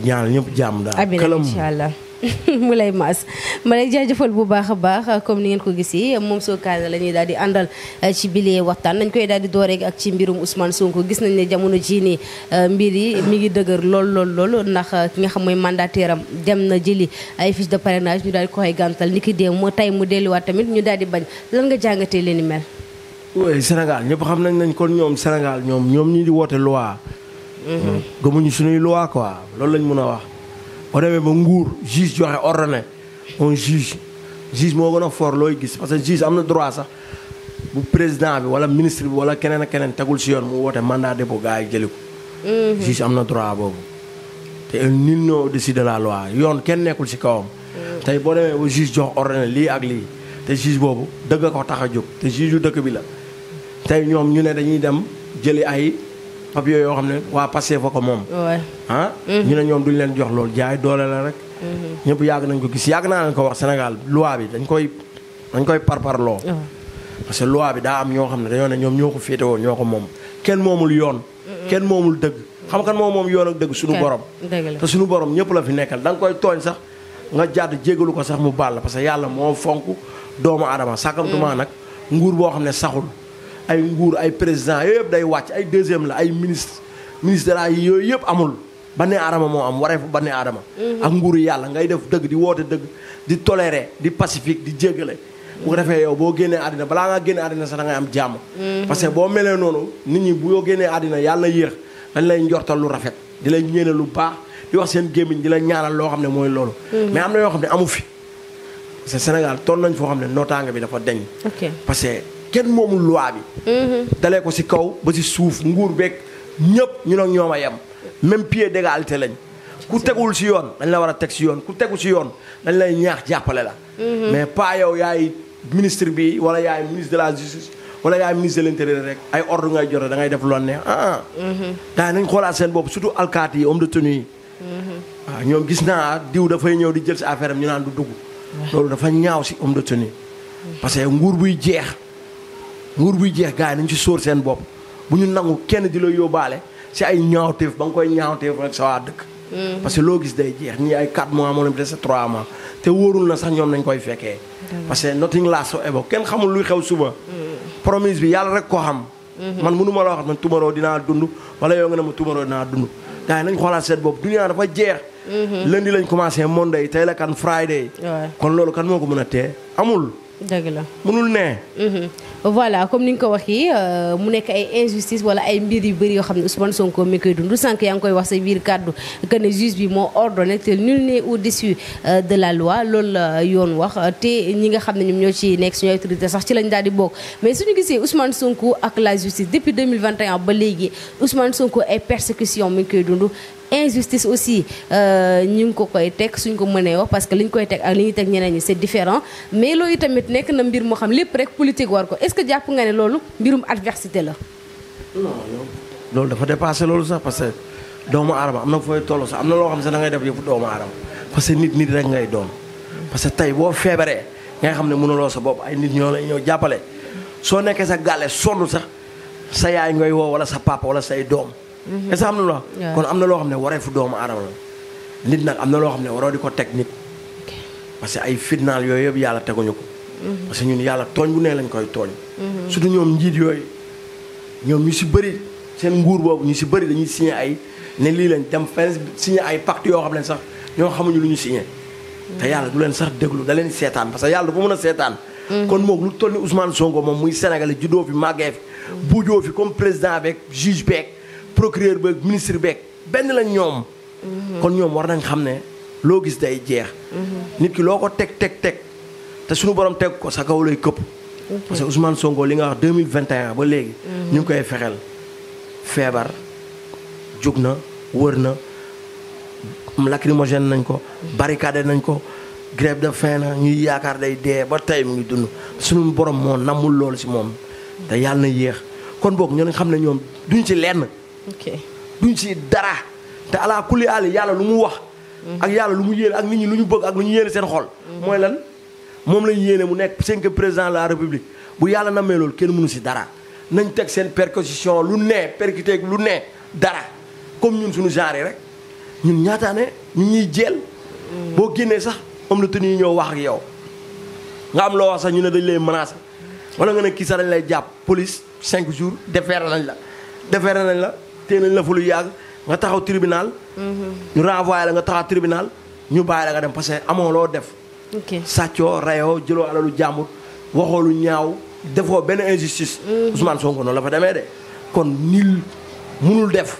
di ñaanal ñëpp jàmm daal. këlam incha allah. mu lay maas ma lay jaajëfal bu baax a baax comme ni ngeen ko gis gisee moom soo kaana la ñuy daal di àndal eh, ci bilee waxtaan nañ koy daal di dooree ak ci mbirum Ousmane ko gis nañ ne jamono jii nii eh, mbir yi mi ngi dëgër lool lool lool ndax eh, ki nga xam mooy mandataire am dem na jëli ay fiche de parrainage ñu daal di koy gàntal ni ki dee mu tey mu delluwaat tamit ñu daal di bañ lan nga jàngatee leen ni mel. oui Sénégal ñëpp xam nañ nañ kon ñoom Sénégal ñoom ñoom di woote loi gëmuñu suñuy loi quoi loolu lañ mun a wax. boo demee ba nguur juge joxe ordonné on juge juge moo gën a fort looy gis parce que juge am na droit sax bu président bi wala ministre bi wala keneen ak keneen tegul si yoon mu woote mandat de dépôt gars yi jëli ko. Mhm. juge am na droit boobu. te nul n'est au-dessus de la loi yoon kenn nekkul si kawam. Mhm. tey boo demee ba juge jox ordonné lii ak lii te juge boobu dëgg ko tax a jóg te juge yu dëkk bi la tey ñoom ñu ne dañuy dem jëli ay. papier yoo xam ne waa Pastef fa ko moom. ah. Mm-hmm. ñu ne ñoom duñ leen jox loolu jaay doole la rek. Mm-hmm. ñëpp yàgg nañ ko gis yàgg naa leen ko wax Sénégal loi bi dañ koy dañ koy loo parce que loi bi daa am ñoo xam ne dañoo ne ñoom ñoo ko féetewoo ñoo ko moom kenn moomul yoon. kenn moomul dëgg. xam kan moom moom yoon ak dëgg suñu borom. te suñu borom ñëpp la fi nekkal da nga koy tooñ sax nga jàdd jégalu ko sax mu baal la parce que yàlla moo fonk doomu aadama. sàkkamtuma mm. nag nguur boo xam ne saxul. ay nguur ay président yooyu yëpp day wàcc ay deuxième la ay ministre ministre la yooyu yëpp amul banne aadama moo am wareefu banne aadama mhm. ak nguuru yàlla ngay def dëgg di woote dëgg di toléré di pacifique di jéggale bu ko defee yow boo génnee àddina balaa ngaa génne àddina sax da ngay am jàmm mhm. parce que boo melee noonu nit ñi boo génnee àddina yàlla na yéex dañ lay njortal lu rafet di lay ñeene lu baax di wax seen gémmiñ di la ñaanal loo xam ne mooy loolu mhm. mais am n yoo xam ne amu fi parce que Sénégal nañ foo xam ne nootaanga bi dafa deñ kenn moomul loi bi. Mhm. dalee ko si kaw ba ci suuf nguur beeg ñëpp ñu ne ñoom a yem même pied d'égalité lañ. ku tegul si yoon dañ la war a teg si yoon ku tegu si yoon dañ lay ñaax jàppale la. Mhm. mais pas yow yaay ministre bi wala yaay ministre de la justice wala yaay ministre de rek ay ordre ngay joxe da ngay def loon ne ah mhm. nañ xoolaat seen bopp surtout alkaati yi homme de tenue yi. Ah, ñoom gis naa diw dafay ñëw di jël si affaire am ñu naan du dugg. loolu dafa ñaaw si homme de que nguur buy jeex nguur buy jeex gaa yi nañ ci sóor seen bopp bu ñu nangu kenn di la baale si ay ñaawteef ba nga koy ñaawteef rek sa waa dëkk. Hmm. parce que loo gis day jeex ñii ay 4 mois moo leen des 3 mois te na sax ñoom nañ koy fekkee. parce que nothing lasts forever kenn xamul luy xew suba. Hmm. promise bi yàlla rek ko xam. Hmm. man mënu ma la wax man tumaroo dinaa dund wala yow nga ne ma tumaroo dinaa dund gars yi nañ xoolaat seen bopp dunia dafa jeex. lundi lañ commencé monday tey la kan friday. kon loolu kan moo ko mën a tee amul. dëgg la mënul ne. Mhm. voilà comme ni nga ko waxee euh, mu nekk ay injustice wala ay mbir yu bëri yoo xam ne Ousmane Sonko mi koy dund sànq yaa ngi koy wax sa biir kàddu que ne bi moo ordonné te nul n'est au-dessus euh, de la loi loolu la yoon wax te ñi nga xam ne ñoom ñoo ci nekk suñu autorité sax ci lañ daal di bokk mais su suñu gisee Ousmane Sonko ak la justice depuis 2021 ba léegi Ousmane Sonko ay persécution mi ngi koy dund. injustice aussi euh, ñu ngi ko koy teg suñ ko mënee wax parce que li ñu koy teg ak li ñuy teg ñeneen ñi c'est différent mais loolu tamit nekk na mbir moo xam lépp rek politique war ko est-ce que jàpp nga ne loolu mbirum adversité la. non loolu dafa dépassé loolu sax parce que doomu aadama am na fooy toll sax am na loo xam sax da ngay def yëfu doomu aadama parce que nit nit rek ngay doon. parce que tey boo feebaree ngay xam ne mënuloo sa bopp ay nit ñoo lay ñëw jàppale soo nekkee sa gàlle sonn sax sa yaay ngay woo wala sa papa wala say doom. est-ce que am na loo xam kon am na loo xam ne wareefu doomu aadama la nit nag am na loo xam ne waroo di ko teg nit parce que ay fitnaal yooyu yëpp yàlla teguñu ko mm-hmm. parce que ñun yàlla tooñ bu ne lañ koy tooñ mm-hmm. surtout ñoom njiit yooyu ñoom ñu si bëri seen nguur boobu ñu si bëri dañuy signé ay ne lii lañ dem fenn signé ay pacte yoo xam ne sax ñoo xamuñu lu ñu signé te mm-hmm. yàlla du leen sax déglu da leen seetaan parce que yàlla du ko mën a seetaan kon moom lu toll ni Ousmane Sonko moom muy Sénégalais juddoo fi màggee procureur beeg ministre beeg benn lañ ñoom. kon ñoom war nañ xam ne loo gis day jeex. nit ki loo ko teg teg teg te suñu borom teg ko sa kaw lay këpp. parce que Ousmane Sonko li nga wax deux mille vingt et un ba léegi. Mhm. ñu ngi koy fexeel feebar jug na wër na lacrymogène nañ ko barricade nañ ko. grève de faim na ñuy yaakaar day dee ba tey mu ngi dund suñu borom moo namul loolu si moom te yàlla na yéex kon boog ñoo xam ne ñoom duñ ci lenn ok duñ si dara te ala kulli aali yàlla lu mu wax. Mhm. ak yàlla lu mu yéene ak nit ñi lu ñu bëgg ak lu ñu yéene seen xol. Mhm. mooy lan moom lañ yéene mu nekk cinquième président la république bu yàlla na loolu kenn mënu si dara nañ teg seen percussion lu nee percuté lu nee dara comme ñun suñu genre rek ñun ñaataane ñu ñuy jeel. Mhm. boo génnee sax moom la te ñuy ñëw wax ak yow nga am loo wax sax ñu ne dañ lay menacer wala nga ne kii sax dañ lay jàpp police cinq jours defeere nañ la defeere nañ la. téye nañ la fa lu yàgg nga taxaw tribunal. Mm-hmm. ñu renvoyé la nga taxaw tribinal ñu bàyyi la nga dem parce que amoo loo def. ok sàccoo rayoo jëloo alalu jàmbur waxoo ñaaw defoo benn injustice. Mm-hmm. Ousmane Sonko noonu la fa demee de. kon nil munul def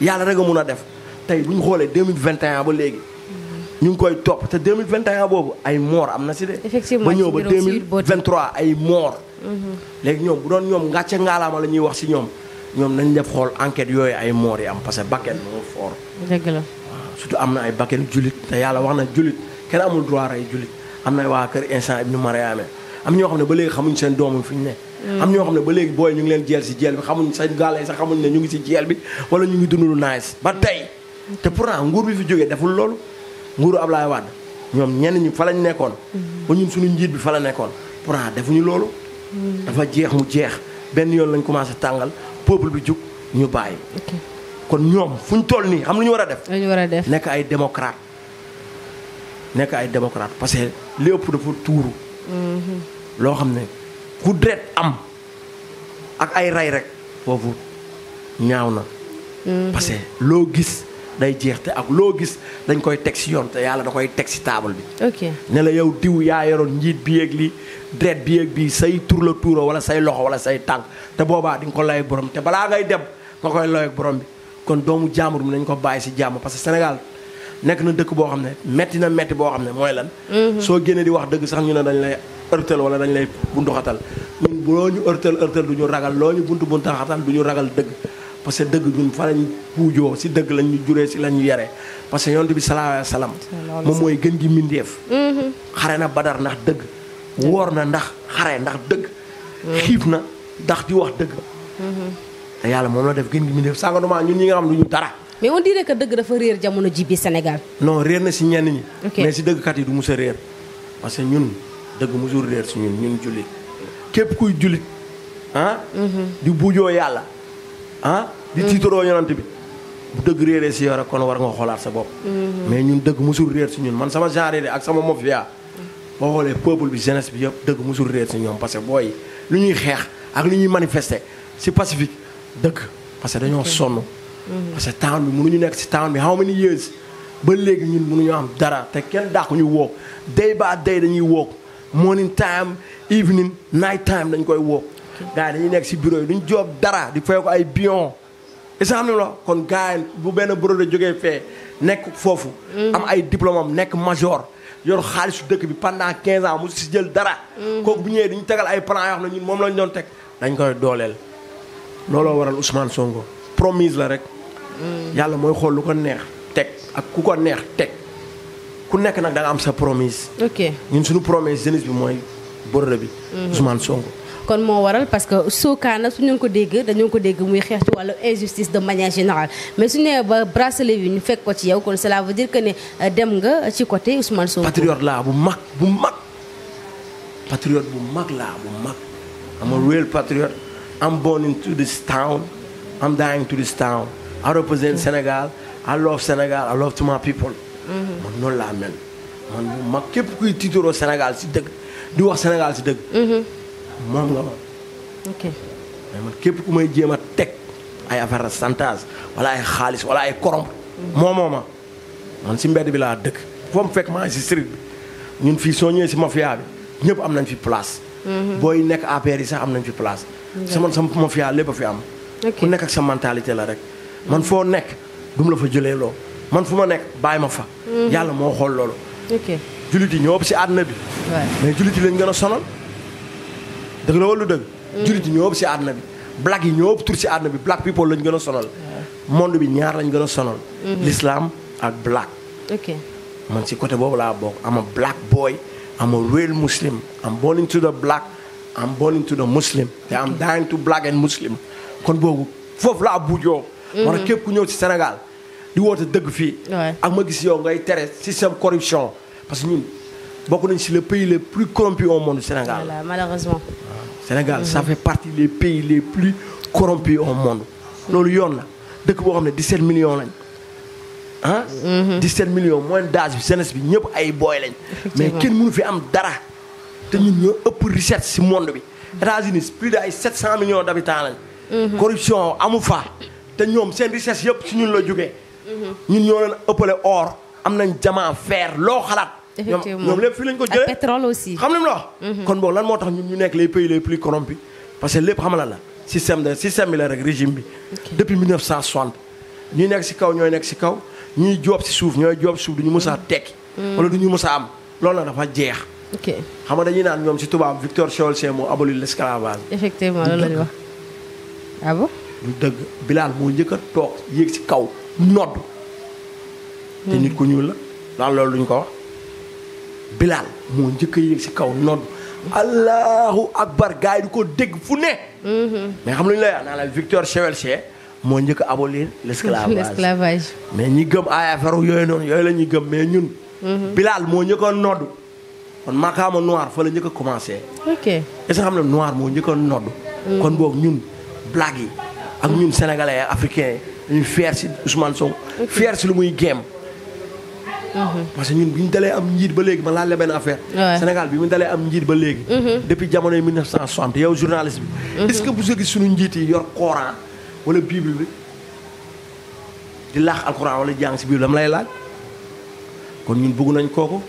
yàlla rek a mun a def tey bu ñu xoolee deux mille vingt et ba léegi. Mm-hmm. ñu ngi koy topp te mille 2021 boobu ay moor am na si de. effectivement ba ñëw ba 2023 ay moor. léegi ñoom bu doon ñoom ngàcce ngaalaama la ñuy wax si ñoom. ñoom nañ def xool enquête yooyu ay moor yi am parce que bakkan moo fort. dëgg surtout am na ay bakkan jullit te yàlla wax na jullit kenn amul droit rey jullit am na waa kër instant ibnu Mariama am ñoo xam ne ba léegi xamuñ seen doomu fi ñu ne. Hmm. am ñoo xam ne ba léegi booy ñu ngi leen jeel si jeel bi xamuñ sa gàllay sa xamuñ ne ñu ngi si jeel bi wala ñu ngi dund lu ba tey. te pourtant nguur bi fi jógee deful loolu nguuru Ablaye Wade ñoom ñenn ñi fa lañ nekkoon. Hmm. ba ñu suñu njiit bi fa la nekkoon pourtant defuñu loolu. Hmm. dafa jeex mu jeex benn yoon lañ commencé tàngal peuple bi jug ñu bàyyi. kon ñoom fu ñu toll nii xam lu ñu war a def. lu war a def nekk ay démocrate nekk ay démocrate parce que ëpp dafa tuuru. Mhm. loo xam ne ku deret am ak ay rey rek foofu ñaaw na. Mhm. parce loo gis. day jeex te ak loo gis dañ koy teg si yoon te yàlla da koy teg si taabal bi. ok ne la yow diw yaa yoroon njiit bi yeeg lii dret bi yeeg bii say tur la wala say loxo wala say tànk te boobaa di ko lay borom te balaa ngay dem nga koy looy borom bi kon doomu jàmbur mi nañ ko bàyyi si jàmm parce que Sénégal nekk na dëkk boo xam ne metti na metti boo xam ne mooy lan. Mhm. soo génnee di wax dëgg sax ñu ne dañ lay ërtal wala dañ lay buntu xatal ñun boo ñu ërtal ërtal du ñu ragal loo ñu buntu buntu xatal du ñu ragal dëgg. parce que dëgg ñun fa lañ puujoo si dëgg lañ ñu juree si lañ ñu yare parce que yonent bi salaahu alayhi wa salaam moom mooy gën gi mbindeef mm-hmm. xare na badar ndax dëgg woor na ndax xare ndax dëgg mm-hmm. xiif na ndax di wax dëgg mm-hmm. te yàlla moom la def gën gi mbindeef sàngaduma ñun ñi nga xam du ñu dara mais on dirait que dëgg dafa réer jamono ji bi Sénégal non réer na si ñenn ñi mais si dëggkat yi du mos a réer parce que ñun dëgg mosul réer si ñun ñun jullit képp kuy jullit ah, di buujoo yàlla ah di tiitaroo yonante bi bu dëgg réeree si yow rek kon war nga xoolaat sa bopp mm-hmm. mais ñun dëgg musul réer si ñun man sama genre de ak sama mafia mm-hmm. boo xoolee peuple bi jeunesse bi yëpp dëgg musul réer si ñoom parce que booy lu ñuy xeex ak lu ñuy manifeste si pacifique dëgg parce que dañoo sonn mm-hmm. parce que town bi mënuñu nekk si town bi how many years ba léegi ñun mënuñu am dara te kenn dàqu ñu wook day ba day dañuy wook morning time evening night time dañ koy wook gars yi dañuy nekk ci bureau yi duñ joob dara di fay ko ay bion exemple kon gaa yi bu benn bureau de jógee fee nekk foofu mm. am ay diplôme am nekk major yor su dëkk bi pendant quinze ans mu si jël dara mm. kooku bu ñëwee dañu tegal ay plan yoo xam moom lañu doon teg dañ koy dooleel looloo waral Ousmane songo promise la rek mm. yàlla mooy xool lu ko neex teg ak ku ko neex teg ku nekk nag da am sa promise ñun suñu promise jeunesse bi mooy boré bi mm-hmm. Ousmane Sonko kon moo waral parce que kaana su ñu ko dégg dañoo ko dégg muy xeex ci wàllu injustice de manière générale mais su ñu nee ba bracelet bi ñu fekk ko ci yow kon cela veut dire que ne euh, dem nga ci côté Ousmane Sonko. patriote laa bu mag bu mag patriote bu mag laa bu mag. I'm a real patriot. I'm born into this town. I'm dying to this town. I represent Sénégal. I love Sénégal. I love to my people. Mhm. man noonu laa mel man bu mag képp kuy tiituroo Sénégal si dëgg di wax Sénégal si dëgg. Mhm. moom nga ma. man képp ku may jéem a teg ay affaire de chantage ay xaalis wala ay korom. moomoo ma man si mbedd bi laa dëkk. foo mu fekk maa si street bi ñun fii soo ñëwee si mafia bi ñëpp am nañ fi place. Mhm. booy nekk APR yi sax am nañ fi place. sama sama mafia lépp fi am. ku nekk ak sa mentalité la rek. man foo nekk dum la fa jëlee loo man fu ma nekk bàyyi ma fa. Mhm. yàlla moo xool loolu. ok jullit yi ñoo ëpp si àdduna bi. mais jullit yi lañ gën a sonal. dëgg la wala dëgg jullit yi ñoo ëpp si àdduna bi black yi ñoo ëpp tur si àdduna bi black people lañ gën a sonal monde bi ñaar lañ gën a sonal mm-hmm. l'islam ak black ok man si côté boobu laa bokk am a black boy am a real muslim am born into the black am born into the muslim te am dying to black and muslim kon boobu foofu laa buujoo war a képp ku ñëw si Sénégal di woote dëgg fii ak ma gis yow ngay tere système corruption parce que ñun bokk nañ si le pays le plus corrompu au monde Sénégal malheureusement Sénégal ça fait partie des pays les plus corrompus on monde loolu yoon la dëkk boo xam ne 17 million lañ ah 17 mhm. million moyenne d'âge bi jeunesse bi ñëpp ay booy lañ mais kenn mënu fi am dara te ñun ñoo ëpp richesse si monde bi États-Unis plus de ay 700 millions d'habitants lañ mhm. corruption amu fa te ñoom seen richesse yëpp si ñun la jógee mhm. ñun ñoo leen ëppale or am nañ jamaa fer loo xalaat effectivement ñoom lépp fii lañ ko xam nga lu ma wax. Mhm. kon moo tax ñun ñu nekk les pays les plus corrompus parce que lépp xam la système de système bi la rek régime bi. depuis 1960. nekk si kaw ñooy nekk si kaw ñuy joob si suuf ñooy joob si suuf duñu mës a mhm. tekki. Mhm. wala duñu a am loolu nag dafa jeex. ok xam nga dañuy naan ñoom si tubaab Victor Schœlcher moo aboli l'esclavage. effectivement loolu la ñu wax. ah bon lu dëgg bilaal moo njëkk a toog yéeg si kaw nodd. te nit ku ñuul la. daal loolu duñ ko wax. Bilal moo njëkk a yéeg si kaw nodd allahu akbar gars yi ko dégg fu ne. mais xam lu ñu lay naa la Victor Chevalchie moo njëkk a abolir l' esclavage. mais ñi gëm ay affaire yooyu noonu yooyu la ñuy gëm mais ñun. Mhm. Bilal moo njëkk a nodd kon makaama noir fa la njëkk a commencé. ok est-ce xam ne noir moo njëkk a nodd. Mhm. kon boobu ñun black yi ak ñun sénégalais ak africains yi ñu fier si Ousmane Sonko. fier si lu muy géem. parce que ñun bu ñu dalee am njiit ba léegi ma laa la benn affaire. Sénégal bi mu dalee am njiit ba léegi. Mhm. depuis jamono yi 1960 yow journaliste bi. Mhm. est-ce que bu gis suñu njiit yi yor Coran wala Bible bi di laax alxuraan wala jàng si Bible dama lay kon ñun bëgg nañ kooku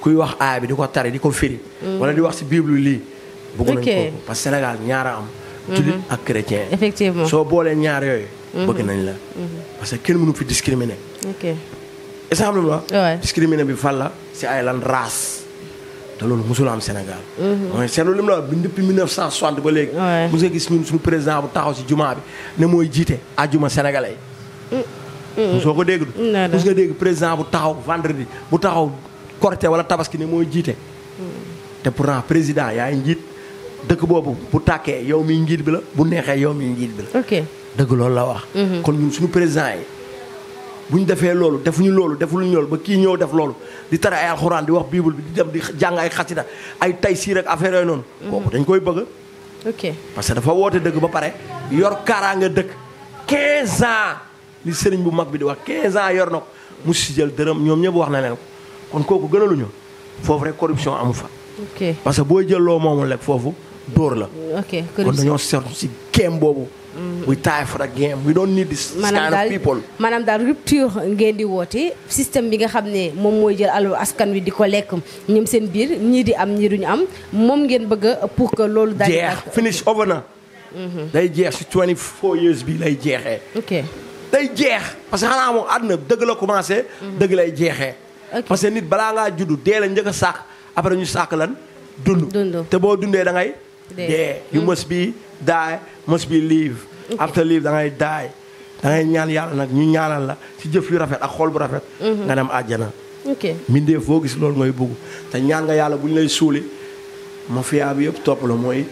kuy wax aaya bi di ko tari di ko firi. Mhm. wala di wax si Bible lii. bëgg nañ parce que Sénégal ñaara am. ak chrétien. effectivement soo boolee ñaar yooyu. bëgg nañ la. parce que kenn mënu fi discriminer. est-ce que xam nga lu ma. discriminé bi fan la si ay lan race. te loolu mosul am Sénégal. mooy mhm. seetlu lim la wax bi depuis 1960 ba léegi. waay mos nga gis ñun suñu président bu taxaw si jumaa bi ne mooy jiite àjjuma sénégalais yi. Mm, mm. soo ko dégg. Mm, naa mos nga dégg président bu taxaw vendredi bu taxaw Korité wala Tabaski ne mooy jiite. te pour pourtant président yaay njiit dëkk boobu bu tàkkee yow miy njiit bi la bu neexee yow miy njiit bi la. dëgg loolu la wax. Mhm. kon ñun suñu président bu ñu defee loolu defuñu loolu defuñu loolu ba kii ñëw def loolu di tara ay alxuraan di wax bible bi di dem di jàng ay xasida ay tay siir ak affaire yooyu noonu. Mhm. kooku dañ koy bëgg. ok parce que dafa woote dëgg ba pare yor kaaraange dëkk 15 ans li sëriñ bu mag bi di wax 15 ans yor na ko mu si jël dërëm ñoom ñëpp wax na leen kon kooku gënaluñu foofu rek corruption amu fa. ok parce que booy jël loo moomul rek foofu dóor la. ok corruption kon dañoo seetlu si kéem boobu. we tie for the game we don't need this kind of people maanaam daal rupture ngeen di woote système bi nga xam ne moom mooy jël alalu askan wi di ko lekk ñoom seen biir ñii di am ñii duñu am moom ngeen bëgg a pour que loolu daal jeex finish over na mhm. day jeex ci 24 years bi lay jeexee ok day jeex parce que xanaa moom àdduna dëgg la commencé mhm. dëgg lay jeexee parce que nit balaa ngaa juddu dee la njëkk a sàkk après ñu sàkk lan dund te boo dundee da ngay dee you mm. must be die must be live after live da die da ñaan yàlla nag ñu ñaanal la si jëf yu rafet ak xol bu rafet mm-hmm. nga dem àjjana ok foo gis loolu ngay bugg te ñaan nga yàlla bu ñu lay suuli mafia bi yëpp topp la mooy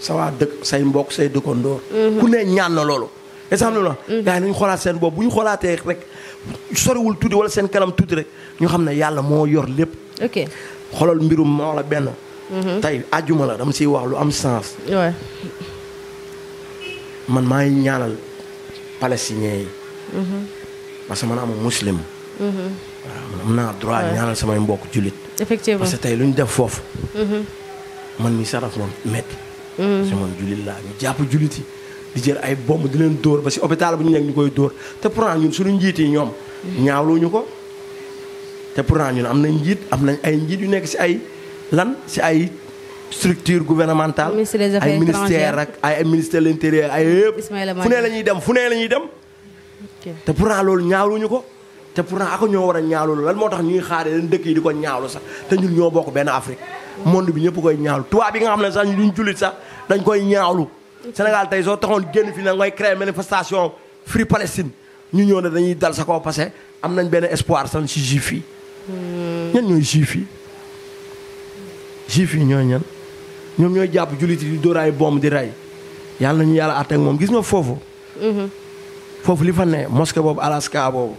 sa waa dëkk say mbokk say door mm-hmm. ku ne ñaan na loolu est-ce que xam nga lu mm-hmm. gars yi nañu xoolaat seen bopp bu ñu xoolaatee rek soriwul tuuti wala seen kanam tuuti rek ñu xam ne yàlla moo yor lépp ok mbirum moo la benn Mm-hmm. tey àjjuma la dama siy wax am sens. man maa ngi ñaanal palestiniens yi. Mm-hmm. parce que man am muslim. Mm-hmm. man am naa droit ñaanal samay mbokk jullit. effectivement parce que tey lu ñu def foofu. man mi saraf moom métti. parce que man laa ñu jàpp julit yi di jël ay bomb di leen dóor ba si hôpital bu ñu nekk ñu koy dóor te pourtant ñun suñu njiit yi ñoom. ñaawluñu ko te pourtant ñun am nañ njiit am nañ ay njiit yu nekk si ay. lan si ay structure gouvernementale ay ministère ak ay ministère de l'intérieur ay yëpp fu ne la ñuy dem fu ne la ñuy dem te pourtant loolu ñaawluñu ko te pourtant ako ñoo war a ñaawlu lan moo tax ñuy xaaree leen dëkk yi di ko ñaawlu sax te ñun ñoo bokk benn Afrique monde bi ñëpp koy ñaawlu tubaab bi nga xam ne sax ñu duñ jullit sax dañ koy ñaawlu Sénégal tey soo taxoon génn fi na ngay créer manifestation Free Palestine ñu ñëw ne dañuy dal sa kaw parce que am nañ benn espoir sax ci juif yi hmm. ñan ñooy juif yi juif yi ñooy ñan ñoom ñooy jàpp jullit yi di dóoraay bomb di rey yàlla nañu yàlla àtteeg moom gis nga foofu. Mhm. foofu li fa ne mosquée boobu alaska boobu.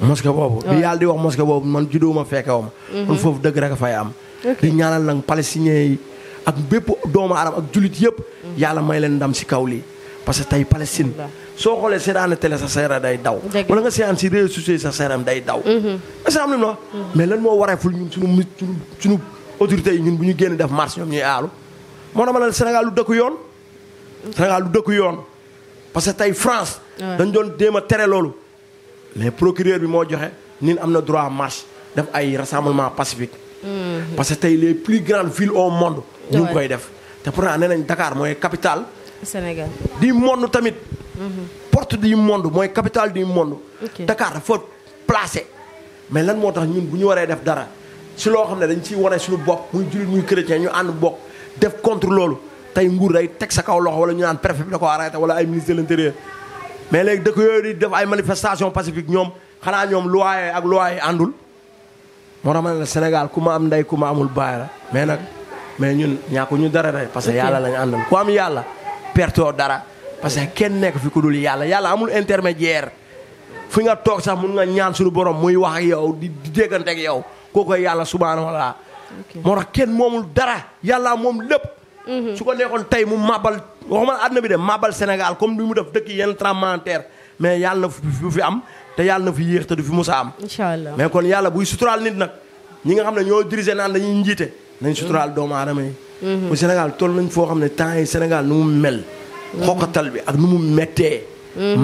mosquée boobu di wax mosquée boobu man judduma fekke wama mhm. kon foofu dëgg rek a fay am. di ñaanal nag palestiniens yi ak bépp doomu aadama ak jullit yëpp. Mhm. yàlla may leen ndam si kaw lii parce que tey Palestine. soo xoolee seetaan télé sa seera day daw. wala nga seetaan si réseaux sociaux sa seeram day daw. est-ce que am na mais lan autorités yi ñun bu ñu génn def marche ñoom ñuy aalu moo dama la Sénégal lu dëkku yoon Sénégal lu dëkku yoon parce que tey France dañ doon déem a tere loolu mais procureur bi moo joxe nin am na droit marche def ay rassemblement pacifique mm-hmm. parce que tey les plus grandes villes au monde ñu koy def te pourtant nee nañ dakaar mooy capitale Sénégal di monde tamit mm-hmm. porte du monde mooy capitale du monde Dakar dafa placé mais lan moo tax ñun bu ñu waree def dara si loo xam ne dañ ciy wane suñu bokk muy jullit muy chrétien ñu ànd bokk def contre loolu tey nguur day teg sa kaw loxo wala ñu naan préfet bi da ko arrêté wala ay ministre de l'intérieur mais léegi dëkk yooyu di def ay manifestation pacifique ñoom xanaa ñoom luwaaye ak luwaaye àndul moo tax ma ne la Sénégal ku ma am ndey ku ma amul baay la mais nag mais ñun ñàkku ñu dara rek parce que yàlla lañu àndal ku am yàlla pertoo dara parce que kenn nekk fi ku dul yàlla yàlla amul intermédiaire fi nga toog sax mun nga ñaan suñu borom muy wax ak yow di déggante yow kookoy yàlla subhaanahu wa taala moo tax kenn moomul dara yàlla moom lépp mhm. su ko neexoon tey mu mabal waxuma àdduna bi de mabal Sénégal comme ni mu def dëkk yenn tremblement de mais yàlla na du fi am te yàlla na fi yéex te du fi musa am inchallah mais kon yàlla buy suturaal nit nag ñi nga xam ne ñoo dirigé naan dañuy njiite nañ mhm. suturaal doomu aadama yi bu mhm. Sénégal toll nañ foo xam ne temps yi Sénégal nu mu mel xoqatal bi ak nu mu mettee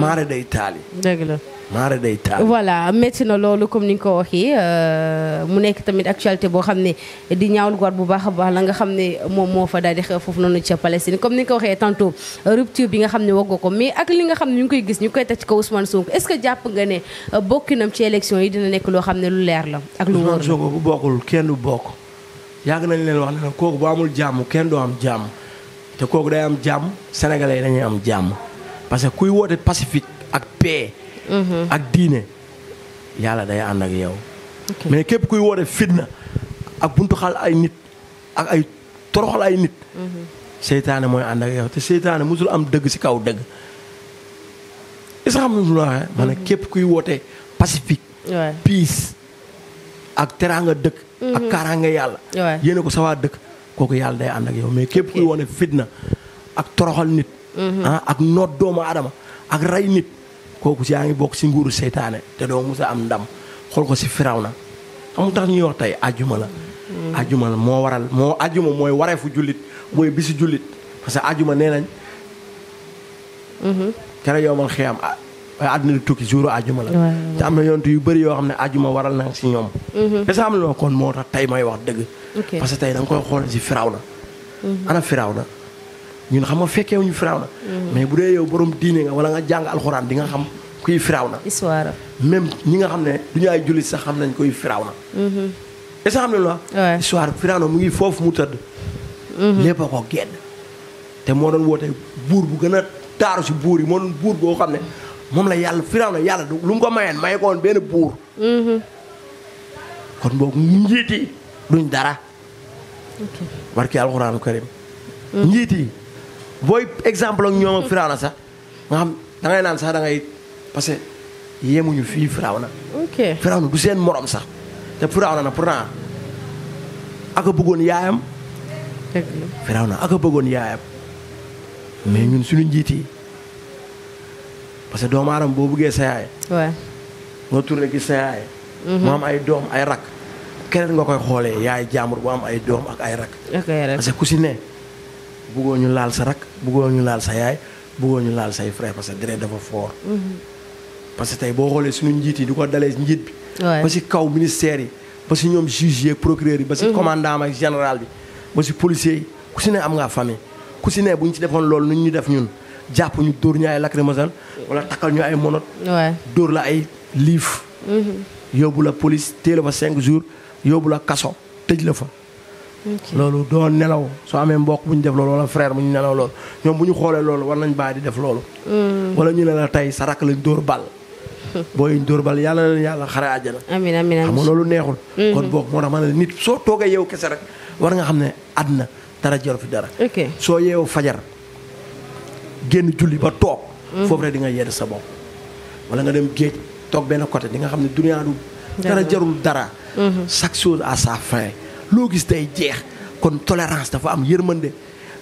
maare day taali maara day voilà métti na loolu comme ni nga ko waxee euh, mu nekk tamit actualité boo xam ne di ñaawul góor bu baax a baax la nga xam ne moom moo fa daal di xew foofu noonu ca Palestine comme ni nga ko waxee tantôt rupture bi nga xam ne waggoo ko mais ak li nga xam ne ñu ngi koy gis ñu koy teg ci kaw Ousmane Sonko est-ce que nga ne euh, bokkinam ci élection yi dina nekk loo xam ne lu leer la ak lu wóor la Ousmane Sonko bu bokkul kenn du bokk yàgg nañ leen wax ne kooku bu amul jàmm kenn doo am jàmm te kooku day am jàmm sénégalais yi dañuy am jàmm parce que kuy woote pacifique ak paix Mm-hmm. ak diine yàlla day ànd ak yow. mais képp kuy woote fitna ak buntu xal ay nit ak ay toroxal ay nit. Mm-hmm. seytaane mooy ànd ak yow te seytaane musul am dëgg ci kaw dëgg. is xam nga lu ma waxee. Mm-hmm. képp kuy woote pacifique. waay ak teraanga dëkk. ak kaaraange yàlla. waay ko sawaa dëkk kooku yàlla day ànd ak yow mais képp kuy wone fitna ak toroxal nit. Ah, ak noot doomu aadama ak rey nit. kooku si yaa ngi bokk si nguuru seytaane te doo musa am ndam xool ko si na xam tax ñuy wax tey ajuma la. ajjuma mm. la moo waral moo ajjuma mooy wareefu jullit mooy bisu jullit parce que ajjuma nee nañ. Mm-hmm. keroog yow man xiyam ah àdduna di tukki jour ajjuma la. te am na yonent yu bëri yoo xam ne ajjuma waral na si ñoom. te sax am na kon moo tax tey may wax dëgg. parce que tey da nga koy xool si Firawna. Mm-hmm. ana Firawna. ñun xam nga fekkee ñu firaaw na mm-hmm. mais bu dee yow borom diine nga wala nga jàng alxuraan di nga xam kuy firaaw na histoire même ñi nga xam ne du ñu jullit sax xam nañ koy firaw na mm-hmm. est ce xam ne mu ngi foofu mu tëdd mm-hmm. lépp ko gedd te moo doon woote buur bu gën a taaru si buur yi moo doon buur boo xam ne moom la yàlla firaaw na yàlla lu mu ko mayeen maye ko woon benn buur kon boobu njiiti duñ dara barki alxuraanu karim njiiti booy exemple ak ñoom ak Firawna sax nga xam da naan sax dangay ngay parce que yemuñu fii Firawna. ok na du seen morom sax te Firawna nag pourtant aka bëggoon yaayam. dëgg na Firawna aka bëggoon yaayam mais ñun suñu njiit yi parce que doomu boo buggee sa yaay. nga tourné gis sa mhm. mu am ay doom ay rak. keneen nga koy xoolee yaay jaamur bu am ay doom ak ay rak. parce ku si ne. bëggoo ñu laal sa rak bëggoo ñu laal sa yaay bëggoo ñu laal say frère parce que deret dafa fort. Mm-hmm. parce que tey boo xoolee suñu njiit yi di ko dalee njiit bi. ba si kaw ministère yi ba si ñoom juge yeeg procureur yi. ba si mm-hmm. commandant ak général bi. ba si policier yi ku si ne am ngaa famille ku si ne bu ñu ci defoon loolu nu ñu def ñun jàpp ñu dóor ñu ay lacrymogène wala takkal ñu ay monot. dóor la ay liif. Mm-hmm. yóbbu la police téye la fa cinq jours yóbbu la kaso tëj la fa. loolu doo nelaw soo amee mbokk bu ñu def loolu wala frère bu ñu nelaw loolu ñoom bu ñu xoolee loolu war nañ bàyyi di def loolu mm. wala ñu ne la tey sa rakk lañ dóor bal boo yiñ dóor bal yàlla leen yàlla xare àjjana amiin amiin xam nga mm-hmm. kon boog moo tax ma ne nit soo toogee yow kese rek war nga xam ne àddina dara jaru fi dara soo yeewu fajar génn julli ba toog mm-hmm. foofu rek di nga yedd sa bopp wala nga dem géej toog benn côté di nga xam ne duniyaa du dara jarul dara mm-hmm. chaque chose à sa fin loo gis day jeex kon tolérance dafa am yërmande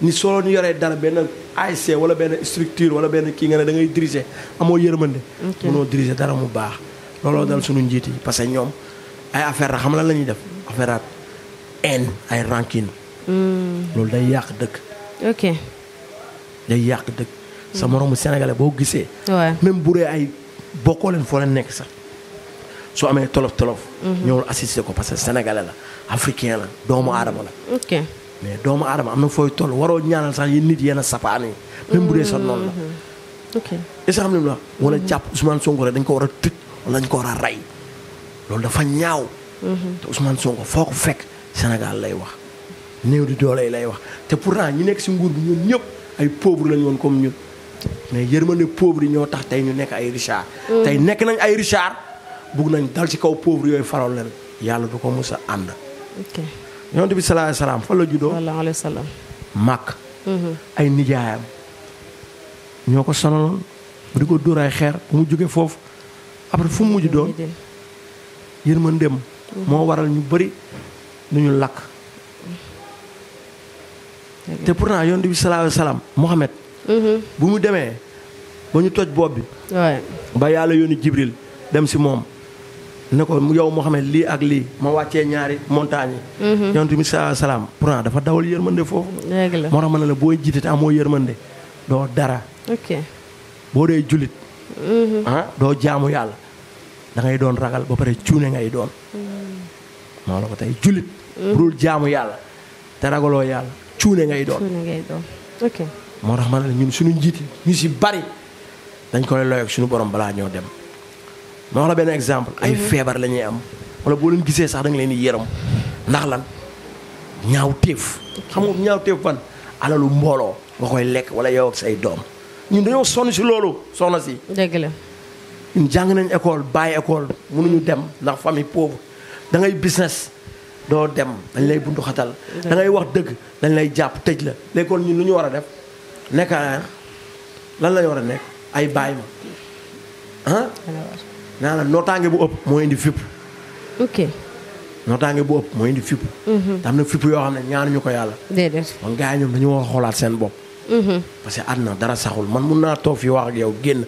ni soo ñu yoree dara benn ASC wala benn structure wala benn kii nga ne dangay ngay diriger amoo yërmande. mënoo diriger dara mu baax. looloo dal suñu njiit yi parce que ñoom ay affaire la xam la la ñuy def affaire haine ay rancune. Hmm. loolu day yàq dëkk. day yàq dëkk. sa moromu sénégalais boo gisee. même bu dee ay bokkoo leen foo leen nekk sax soo amee tolof tolof. Mhm. ñëwul assister ko parce que sénégalais la. africain la doomu aadama la. ok mais doomu aadama am na fooy toll waroo ñaanal sax yéen nit yéen a sapaani. même bu dee sax noonu la. Mm-hmm. ok est-ce wala jàpp Ousmane Sonko rek dañ ko war a tëj wala dañ ko war a rey loolu dafa ñaaw. Mm-hmm. te Ousmane foo fekk Sénégal lay wax. néew lay wax te pourtant ñi nekk si nguur bi ñun ñëpp ay pauvre lañu woon comme ñun. mais yërmande pauvre yi ñoo tax tey ñu nekk ay Richard. Mm. tey nekk nañ ay Richard bugg nañ dal si kaw pauvre yooyu faral leen yàlla du ko mës a ànd. ok yonent bi sallallahu salaam fan la juddoo. sallallahu alayhi màkk. Mhm. ay nijaayam. ñoo ko sonaloon di ko dóor ay xeer bu mu jógee foofu après fu mu mujj doon yërmandeem mhm. moo waral ñu bari nu ñu lakk. te pourtant yonent bi sallallahu salaam Mohamed. Mhm. bu mu demee ba ñu toj bopp bi. ba yàlla yoonu Jibril dem si moom. ne ko yow moo xam ne lii ak lii ma wàccee ñaari montagne yi mhm. yonent bi saa salaam pourtant dafa dawal yërmande foofu moo tax ma ne la booy jiite te amoo yërmande doo dara boo dee jullit mhm. ah doo jaamu yàlla da doon ragal ba pare cuune ngay doon mhm. moo la tey jullit budul jaamu yàlla te ragaloo yàlla cuune ngay doon moo tax ma ne la ñun suñu njiit ñu si bari dañ koy loyoog suñu borom balaa ñoo dem ma wax la benn exemple ay mhm. feebar la ñuy am wala boo leen gisee sax da leen di yërëm ndax lan ñaaw téef xam nga ñaaw téef fan alalu mbooloo nga koy lekk wala yow ak say doom ñun dañoo sonn si loolu soxna si dëgg la ñun jàng nañ école bàyyi école mënuñu dem ndax famille pauvre dangay ngay doo dem dañ lay buntu xatal da ngay wax dëgg dañ lay jàpp tëj la léegi kon ñun lu ñu war a def nekk lan la war a nekk ay bàyyi ma naa la nootaange bu ëpp moo indi fipp. ok nootaange bu ëpp moo indi fipp. Mhm. te am na fipp yoo xam ne ñaanuñu ko yàlla. déedéet kon gars yi ñoom dañu a xoolaat seen bopp. Mhm. parce que àdduna dara saxul man mun naa toog fi wax ak yow génn.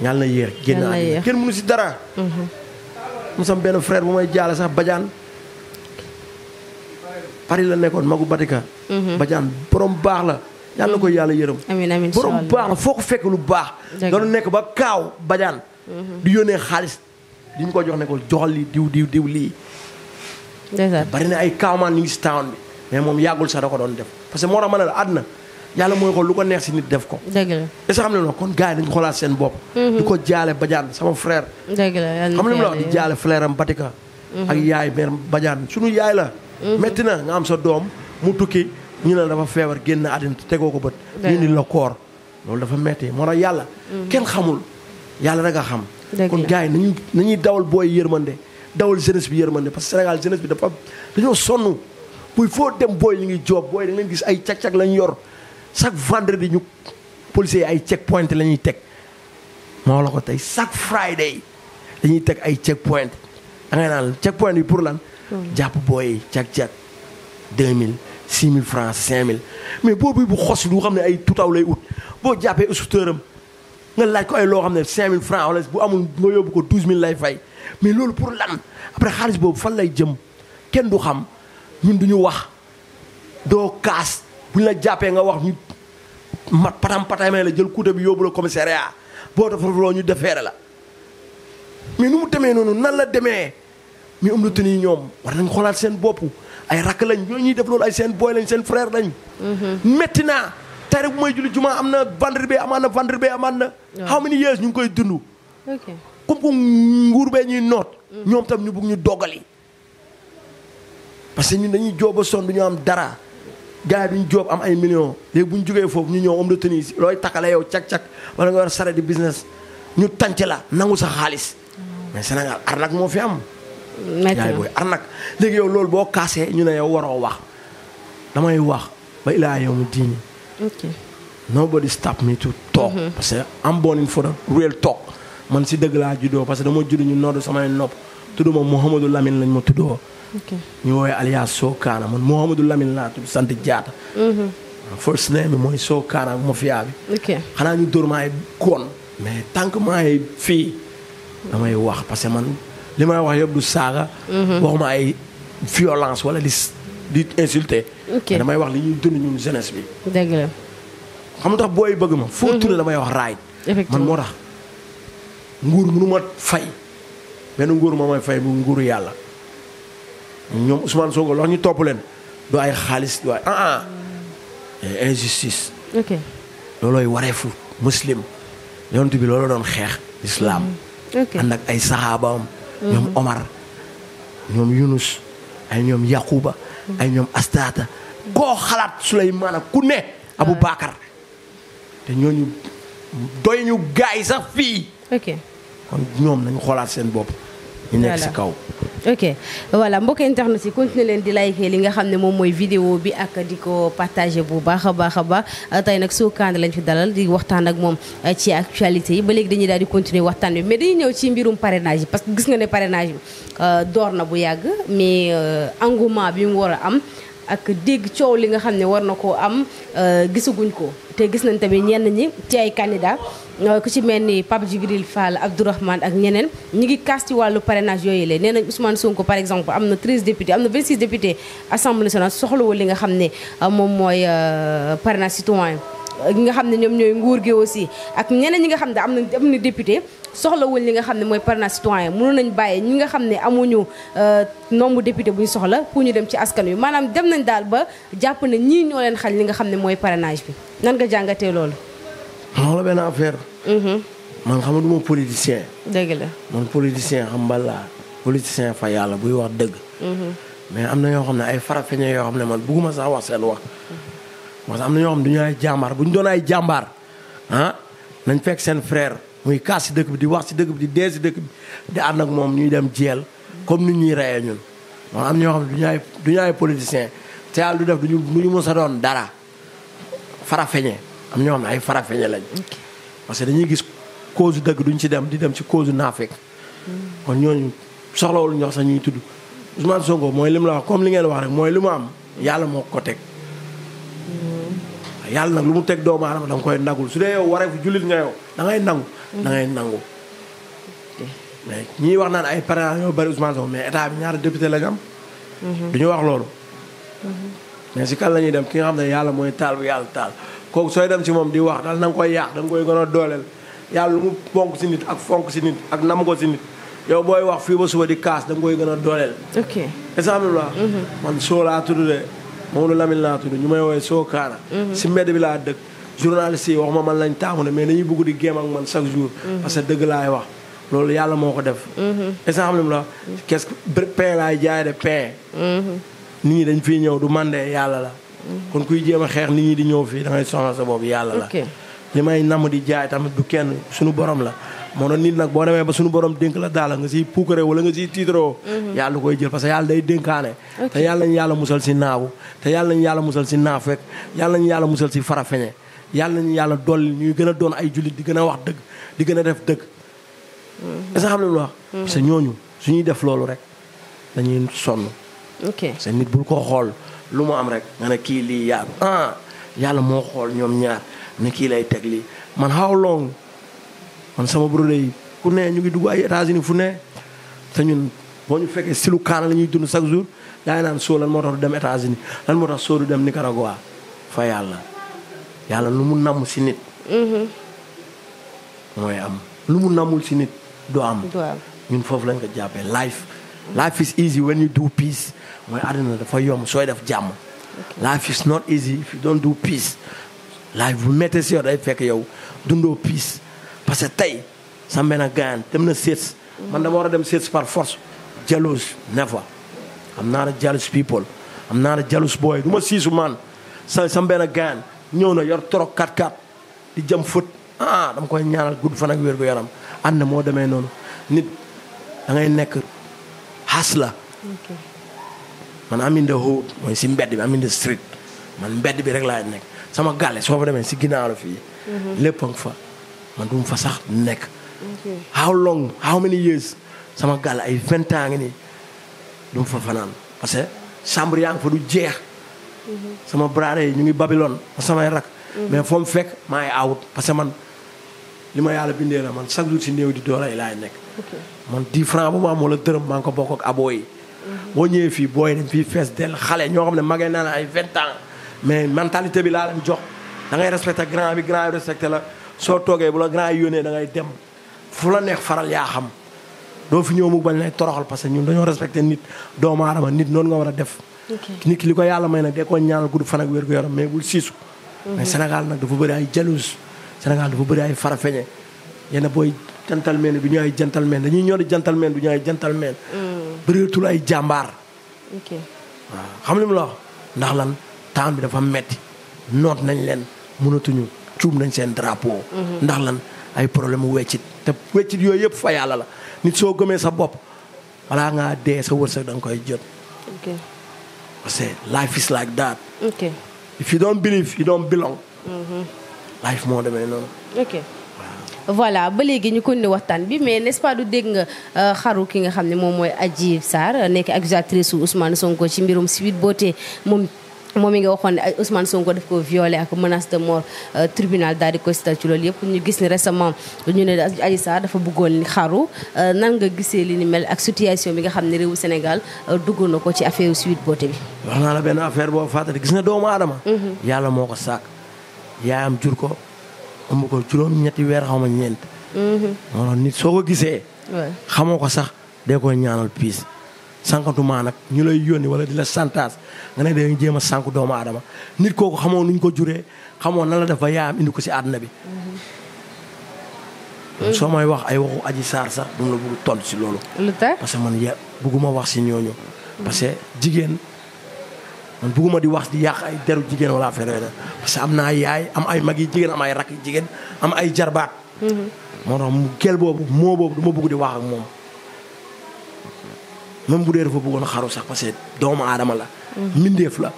ñaan la yéex génn àdduna kenn mënu si dara. Mhm. mu sam benn frère bu may jaale sax bajaan. Paris la nekkoon magu Batika. bajaan borom baax la. yàlla na ko yàlla yërëm. borom baax la foo ko fekk lu baax. doon nekk ba kaaw bajaan. du yónnee xaalis di ñu ko jox ne ko joxal li diw diw diw lii. bari na ay kaamaan ñu ngi si town bi mais moom yàggul sax da ko doon def parce que moo tax ma ne la àdduna yàlla mooy ko lu ko neex si nit def ko. dëgg la est-ce que xam ne loo seen bopp. Mhm. di ko jaale bajaan sama frère. dëgg la xam Batika. Mhm. ak yaay mère bajaan sunu yaay la. Mhm. metti na nga am sa doom mu tukki ñu ne dafa feebar génn àddina tegoo ko bët. ñu ni la koor loolu dafa metti moo tax yàlla. kenn xamul. yàlla rek a xam. kon gars yi nañuy nañuy dawal booy yërmande dawal jeunesse bi yërmande parce que Sénégal jeunesse bi dafa dañoo sonn buy foo dem booy ñu ngi joob booy da leen gis ay cag-cag lañ yor chaque vendredi ñu policiers yi ay check point la ñuy teg. moo la ko tey chaque Friday dañuy teg ay check point da ngay naan check point yi pour lan. Hmm. jàpp booy yi cag-cag 2000 6000 francs 5000 mais boobu bu xos lu xam ne ay tutaw lay ut boo jàppee usuteeram. nga laaj ko ay loo xam ne 5000 francs wala bu amul nga yóbbu ko 12000 lay fay mais loolu pour lan après xaalis boobu fan lay jëm kenn du xam ñun du ñu wax doo kaas bu ñu la jàppee nga wax ñu mat patam patamee la jël kuute bi yóbbu la commissariat boo dafa loo ñu defeere la mais nu mu demee noonu nan la demee mais am lu yi ñoom war nañ xoolaat seen bopp ay rakk lañ ñoo ñuy def loolu ay seen booy lañ seen frère lañ mm-hmm. metti naa tey rek bu may julli juma am na vendredi bi amaan na vendredi bi amaan na. how many years ñu ngi koy dundu ok comme que nguur bee ñuy noot. Mm. ñoom tam ñu bugg ñu dogali. parce que ñun dañuy joob a sonn du ñu am dara gars yi duñ am ay millions léegi bu ñu jógee foofu ñu ñëw homme de looy takkale yow cag-cag wala nga war saret di business ñu tànc la nangu sa xaalis mm. mais Sénégal arnaque moo fi am yaay booy arnaque léegi yow loolu boo kaasee ñu ne yow waroo wax damay wax ba ilaa yow mu diini ok nobody stop me to talk. Mm-hmm. parce que I'm born in for the real talk. man si dëgg laa juddoo parce que dama judd ñu noddu samay nopp. tudduma Mouhamadou Lamine lañ ma tuddoo. ñu woowee alias Sookaana man Mouhamadou Lamine laa tudd sant jaata. Mm-hmm. first name bi mooy Sookaana ak mafia bi. xanaa ñu dóor maay koon. mais tant que maay fii. damay wax parce man li may wax yëpp du saaga. Mm-hmm. waxuma ay violence wala li di insulté. damay wax li ñuy dund ñun jeunesse bi. dëgg la. xam nga tax booy bëgg ma. foo tourné damay wax raay. man moo tax nguur mënu ma fay. benn nguur moo fay mu nguuru yàlla. ñoom Ousmane soo wax ñu topp leen du ay xaalis du ay ah ah. injustice. loolooy wareefu muslim yonent bi looloo doon xeex islam. Mhm. ok ànd ay saxaabaam. Mhm. ñoom Omar ñoom Yunus ay ñoom Yaquba. ay ñoom astaata koo xalaat Souleymane ku ne Abou Bakar te ñooñu doy ñu gaay sax fii ok kon ñoom nañu xoolaat seen bopp ñu nekk si kaw ok voilà mbokk na si continuer leen di liker li nga xam ne moom mooy vidéo bi ak di ko partager bu baax a baax a baax tey nag Sow Kandé lañ fi dalal di waxtaan ak moom eh, ci actualité yi ba léegi dañuy daal di continuer waxtaan bi mais dañuy ñëw ci mbirum parrainage yi parce que gis nga ne parrainage bi eh, door na bu yàgg mais eh, engouement bi mu war a am. ak dégg coow li nga xam ne war na koo am euh, gisaguñ ko te gis nañ tamit ñenn ñi ci ay candidat euh, ku ci mel ni Pape Djibril Fall Abdourahmane ak ñeneen ñi ngi kaas ci wàllu parrainage yooyu la nee nañ Ousmane Sonko par exemple am na 13 députés am na 26 députés assemblée nationale soxlawul li nga xam ne euh, moom mooy parrainage citoyen ñi nga xam ne ñoom ñooy nguur gi aussi ak ñeneen ñi nga xam ne am nañ am na député soxlawuñ li nga xam ne mooy parrainage citoyen mënu nañ bàyyi ñi nga xam ne amuñu euh, nombre député bu ñu soxla pour ñu dem ci askan wi maanaam dem nañ daal ba jàpp ne ñii ñoo leen xañ li nga xam ne mooy parrainage bi nan nga jàngatee loolu. xam la benn affaire. Mm-hmm. man xam duma politicien. dëgg la man politicien xam mbala politicien fa yàlla buy wax dëgg. Mm-hmm. mais am na yoo xam ne ay farafeñe yoo xam ne man bugguma sax wax seen wax. Mm-hmm. parce que am na ñoo xam du ñu ay jàmbaar bu ñu doon ay jàmbaar ah nañ fekk seen frère muy kaas si dëkk bi di wax si dëkk bi di dee si dëkk bi di ànd ak moom ñuy dem jeel comme ni ñuy reyee ñun. waaw am na ñoo xam ne du ñu ay du ñu ay te yàlla du def du ñu du ñu mës a doon dara farafeñe am ñoo xam ne ay farafeñe lañ. parce que dañuy gis cause dëgg duñu ci dem di dem ci cause naafeq hmm. kon ñooñu soxlawul ñox sax ñuy tudd Ousmane Sonko mooy li la wax comme li ngeen wax rek mooy li mu am yàlla moo ko teg. yàlla nag lu mu teg doomu aadama da koy nagul su dee yow wareefu jullit nga yow da nangu mm-hmm. da nangu mais ñii wax naan ay parents ñoo bëri Ousmane Sonko mais état bi ñaari député la am mm-hmm. du ñu wax loolu mm-hmm. mais si kan la ñuy dem ki nga xam ne yàlla mooy taal bu yàlla taal kooku sooy dem si moom di wax daal na nga koy yàq da koy gën a dooleel yàlla lu mu fonk si nit ak fonk si nit ak nam ko si nit yow booy wax fii ba suba di kaas da koy gën a dooleel ok Mamadou Lamine laa tudd ñu may woowee Sookaana mhm. si mbedd bi laa dëkk journaliste yi ma man lañ taamu ne mais dañuy bëgg di géem man chaque jour mhm. parce que dëgg laay wax loolu yàlla moo ko def mhm. la qu'est-ce pain laay jaay de pain nit ñi dañ fiy ñëw du mandee yàlla la kon kuy jéem a xeex nit ñi di ñëw fii da ngay soxla sa bopp yàlla la li may namm di jaay tamit du kenn suñu borom la moo noon nit nag boo demee ba suñu borom dénk la daala nga siy puukare wala nga siy tiitaroo mhm. yàlla koy jël parce yàlla day dénkaane te yàlla nañu yàlla musal si naawu te yàlla nañu yàlla musal si naafek yàlla nañu yàlla musal si farafeñe yàlla nañu yàlla dolli ñuy gën a doon ay jullit di gën a wax dëgg di gën a def dëgg mhm. est sa que xam ne lu wax mhm. parce que ñooñu suñuy def loolu rek dañuy sonn ok parce nit bul ko xool lu mu am rek nga ne kii lii yàlla ah, moo xool ñoom ñaar ne kii lay teg lii man how long man sama broder yi ku ne ñu ngi dugg ay États-Unis fu ne te ñun boo ñu fekkee si lu kaana la ñuy dund chaque jour yaa naan soo lan moo tax du dem États-Unis lan moo tax soo du dem Nicaragua fa yàlla lu mu namm si nit. mooy am lu mu namul si nit du am. ñun foofu lañ ko jàppee life. life is easy when you do peace mooy àddina dafa yomb sooy def jàmm. life is not easy if you don't do peace. life bu méttee si yow day fekk yow dundoo peace. parce que tey sa mel na gaañaan dem na seet man dama war a dem seet par force jealous never am naa a jealous people am naa a jealous boy du ma siisu man sa sa mel gaañaan ñëw na yor torok kat kat di jëm fët ah dama koy ñaanal gudd fan ak wér yaram ànd na moo demee noonu nit dangay nekk xas la man am in the hood mooy si mbedd bi am in the street man mbedd bi rek laa nekk sama gàlle soo fa demee si ginnaaw la fii mhm. lépp fa man du mu fa sax nekk. how long how many years sama gal ay vingt ans ngi nii du mu fa fanaan parce que chambre yaa ngi fa du mhm. sama braare yi ñu ngi Babylone samay rak. Mhm. mais foo mu fekk maa ngi awut parce que man li ma yàlla bindee la man chaque jour si néew di doole yi laay nekk. man dix francs bu ma am wala dërëm maa ngi bokk ak abo yi. Mhm. boo ñëwee fii booy dañ fii fees dell xale ñoo xam ne magee naa la ay vingt ans mais mentalité bi laa leen jox da ngay grand bi grand bi respecté soo toogee bu la grand yónnee da ngay dem fu la neex faral yaa xam doo fi ñëw mu bañ lay toroxal parce que ñun dañoo respecté nit doomu aadama nit noonu nga war a def. nit ki li ko yàlla may nag de ko ñaanal gudd fan ak wér gu yaram mais bul siisu. Mhm. mais Sénégal nag dafa bëri ay jalouse Sénégal dafa bëri ay farafeñe yenn booy gentleman du ñu ay gentleman dañuy ñoo di gentleman du ñu ay gentleman. Mm. bëreetul ay jàmbaar. ok xam li mu la wax ndax lan temps bi dafa metti noot nañ leen mënatuñu. cuub nañ seen drapeau. Mhm. ndax lan ay problème weccit te weccit yooyu yëpp fa yàlla la nit soo gëmee sa bopp balaa ngaa dee sa wërsëg da nga koy jot. ok parce que life is like that. ok if you don't believe you don't belong. Mhm. life moo demee noonu. ok voilà ba léegi ñu kon ne waxtaan bi mais n'est-ce pas du dégg nga euh, xaru ki nga xam ne moom mooy Adji Sarr nekk accusatrice su Ousmane Sonko ci mbirum Sweet Beauté moom. moom mi nga waxoon ne ay Ousmane Sonko daf ko violé ak menace de mort euh, tribunal daal di koy sital ci loolu yëpp ñu gis ni récemment ñu ne Adji Sarr dafa bëggoon ni xaru euh, nan nga gisee li ni mel ak situation bi nga xam ne réewu Sénégal euh, dugg na ko ci affaire Sweet Beauté bi. wax naa la benn affaire boo fàttali gis nga doomu aadama. Mhm. yàlla moo ko sàkk. yaayam jur ko ëmb ko juróom-ñetti weer xaw ma ñeent. Mhm. moo nit soo ko gisee. xamoo ko sax dee koy ñaanal piis sànkantuma nag ñu lay yónni wala di la santaas nga ne dañuy jéem a sànku doomu aadama nit kooku xamoon nuñ ko juree xamoon na la dafa yaayam indi ko si àdduna bi. Mm-hmm. soo may wax ay waxu aji saar sax dum la bëgg tontu si loolu. lu tax parce que man ya bëgguma wax si ñooñu. parce que jigéen bëgguma di wax di yàq ay deru jigéen wala affaire yooyu parce que am naa yaay am ay mag yi jigéen am ay rakk yi jigéen am ay jarbaat. Mm-hmm. moo tax mu gel boobu moo boobu du ma bëgg di wax ak moom. même bu dee dafa bëggoon xaru sax doomu aadama la. mbindeef la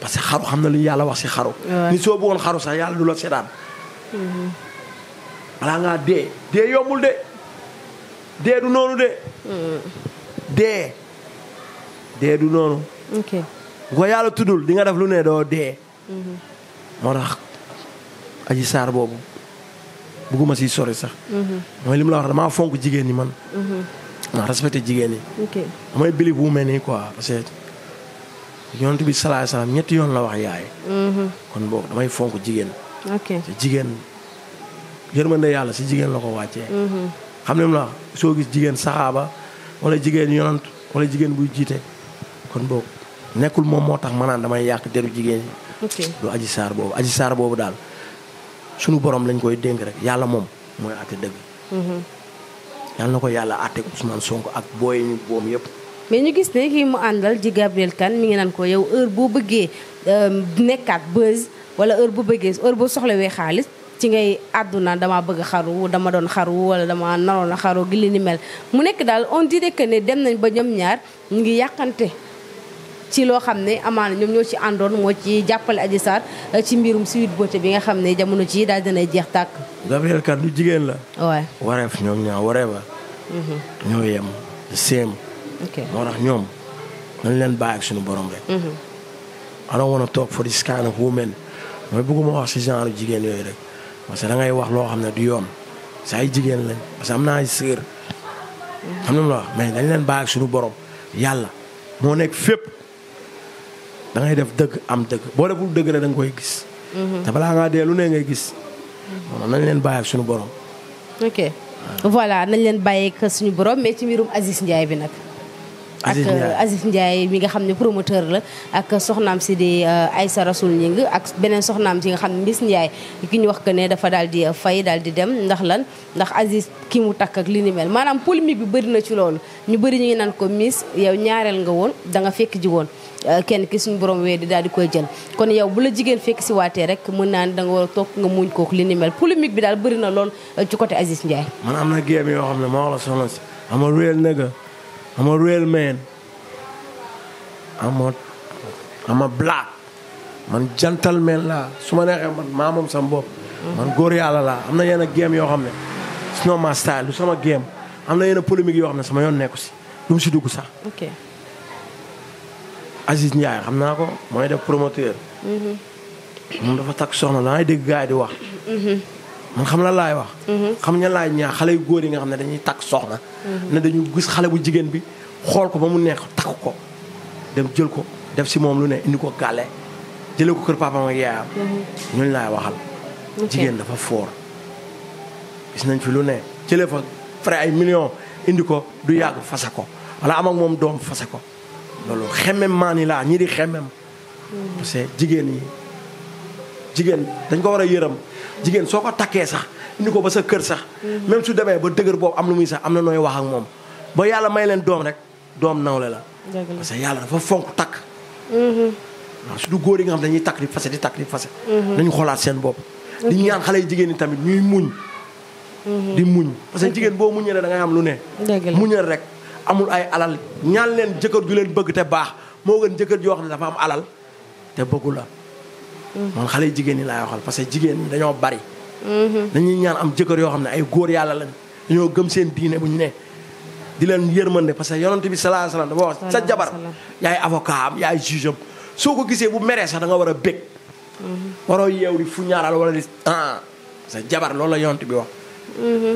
parce que xaru xam na lu yàlla wax si xaru. ni xaru sax yàlla du la seetaan. Mm-hmm. noonu de. Mm-hmm. dee yàlla tuddul di nga def lu ne doo dee. Mm-hmm. moo tax aji saar boobu bëgguma siy sori sax. mooy li mu la wax damaa fonk jigéen ñi man. non respecté jigéen ñi. ok damay bili bu mel nii quoi parce que yonent bi salaay salaam ñetti yoon la wax yaay. Mm-hmm. kon boobu damay fonk jigéen. ok te jigéen yërmande yàlla si jigéen la ko wàcce mm-hmm. xam ne mu la soo gis jigéen saxaaba wala jigéen yonant wala jigéen buy jiite kon boobu nekkul moom moo tax ma naan damay yàq deru jigéen ñi. du aji saar boobu aji saar boobu daal sunu borom lañ koy dénk rek yàlla moom mooy àtte dëgg. Mm-hmm. yal na ko yàlla àtteeg Ousmane Sonko ak booy ñu boom yëpp. mais ñu gis ne kii mu àndal di Gabriel Kane mi ngi naan ko yow heure boo bëggee euh, nekkaat buzz wala heure bu bëggee heure boo soxlawee xaalis ci ngay àdduna dama bëgg xaru dama doon xaru wala dama naroon a xaru gi li ni mel mu nekk daal on dirait que ne dem nañ ba ñoom ñaar ñu ngi yàqante ci loo xam ne amaana ñoom ñoo ci àndoon moo ci jàppale aji Sarr euh, ci mbirum Sweet Beauté bi nga xam ne jamono ci daal dinay jeex tàkk Gabriel la ñoo yem same moo tax ñoom nañ leen bàyyi ak suñu borom rek mhm. I don't want to talk for this kind of mooy bëgguma wax si genre jigéen yooyu rek parce que da wax loo xam ne du yoon sa ay jigéen lañ parce que am naa ay sœur xam na mu la wax mais dañ leen bàyyi ak suñu borom yàlla moo nekk fépp dangay def dëgg am dëgg boo deful dëgg rek da koy gis mhm. te balaa ngaa dee lu ne ngay gis mhm. moom nañ leen bàyyi ak suñu borom voilà nañ leen bàyyeeg suñu borom mais ci mbirum Aziz Ndiaye bi nag. ak Aziz Ndiaye euh, mi nga xam ne promoteur la ak soxnaam si di euh, Aïssa Rasoul Ñing ak beneen soxnaam si nga xam ne Miss Ndiaye ki ñu wax que ne dafa daal di euh, fay daal di dem ndax lan ndax Aziz kii mu takk ak li ni mel maanaam polémique bi bëri na ci loolu ñu bëri ñu ngi naan ko Miss yow ñaareel nga woon da nga fekk ji woon Euh, kenn ki suñu borom wee di daal di koy jël kon yow bu la jigéen fekk si waatee rek mën naa ne da nga war a toog nga muñ kook li ni mel polémique bi daal bëri na lool euh, ci côté Aziz Ndiaye. man am na géem yoo xam ne ma wax la soxna si am a real nigga am laa su ma neexee moom sama bopp. man góor yàlla laa am na yenn géem yoo xam ne sinon ma style du sama géem am na yenn polémique yoo xam ne sama yoon nekku si du si dugg sax. Aziz Ndiaye xam naa ko mooy def promoteur. Mhm. moom dafa takk soxna da ngay dégg gaa yi di wax. Mhm. man xam la laay wax. Mhm. xam ña laay ñaar xale yu góor yi nga xam ne dañuy takk soxna. ne dañu gis xale bu jigéen bi xool ko ba mu neex takk ko dem jël ko def si moom lu ne indi ko gàlle jëlee ko kër papaam ak yaayam. ñun laay waxal. jigéen dafa foor gis nañ fi lu ne jëlee fa frais ay millions indi ko du yàgg fase ko wala am moom doom fase ko. loolu xemem maa ni laa ñii di xemem parce que jigéen yi jigéen dañ ko war a yërëm jigéen soo ko takkee sax indi ko ba sa kër sax même su demee ba dëgër boobu am lu muy sax am na nooy wax ak moom ba yàlla may leen doom rek doom nawle la parce que yàlla dafa fonk takk mhm. waaw surtout góor yi nga xam dañuy takk di fase di takk di fase mhm. nañu xoolaat seen bopp di ñaan xale yi jigéen ñi tamit ñuy muñ mhm. di muñ parce que jigéen boo muñee da ngay am lu ne muñal rek amul ay alal ñaan leen jëkkër ju leen bëgg te baax moo gën jëkkër yoo xam ne dafa am alal te bëggu la man xale yu jigéen ñi laay waxal parce que jigéen ñi dañoo bari mhm. dañuy ñaan am jëkkër yoo xam ne ay góor yàlla lañ dañoo gëm seen diine bu ñu ne di leen yërmande parce que yonent bi sallallahu alayhi wasallam dafa wax sa jabar yaay avocat am yaay juge am soo ko gisee bu meree sax danga war a bég mhm. waroo yeew di fu ñaaral wala di ah sa ah. jabar loolu la yonent bi wax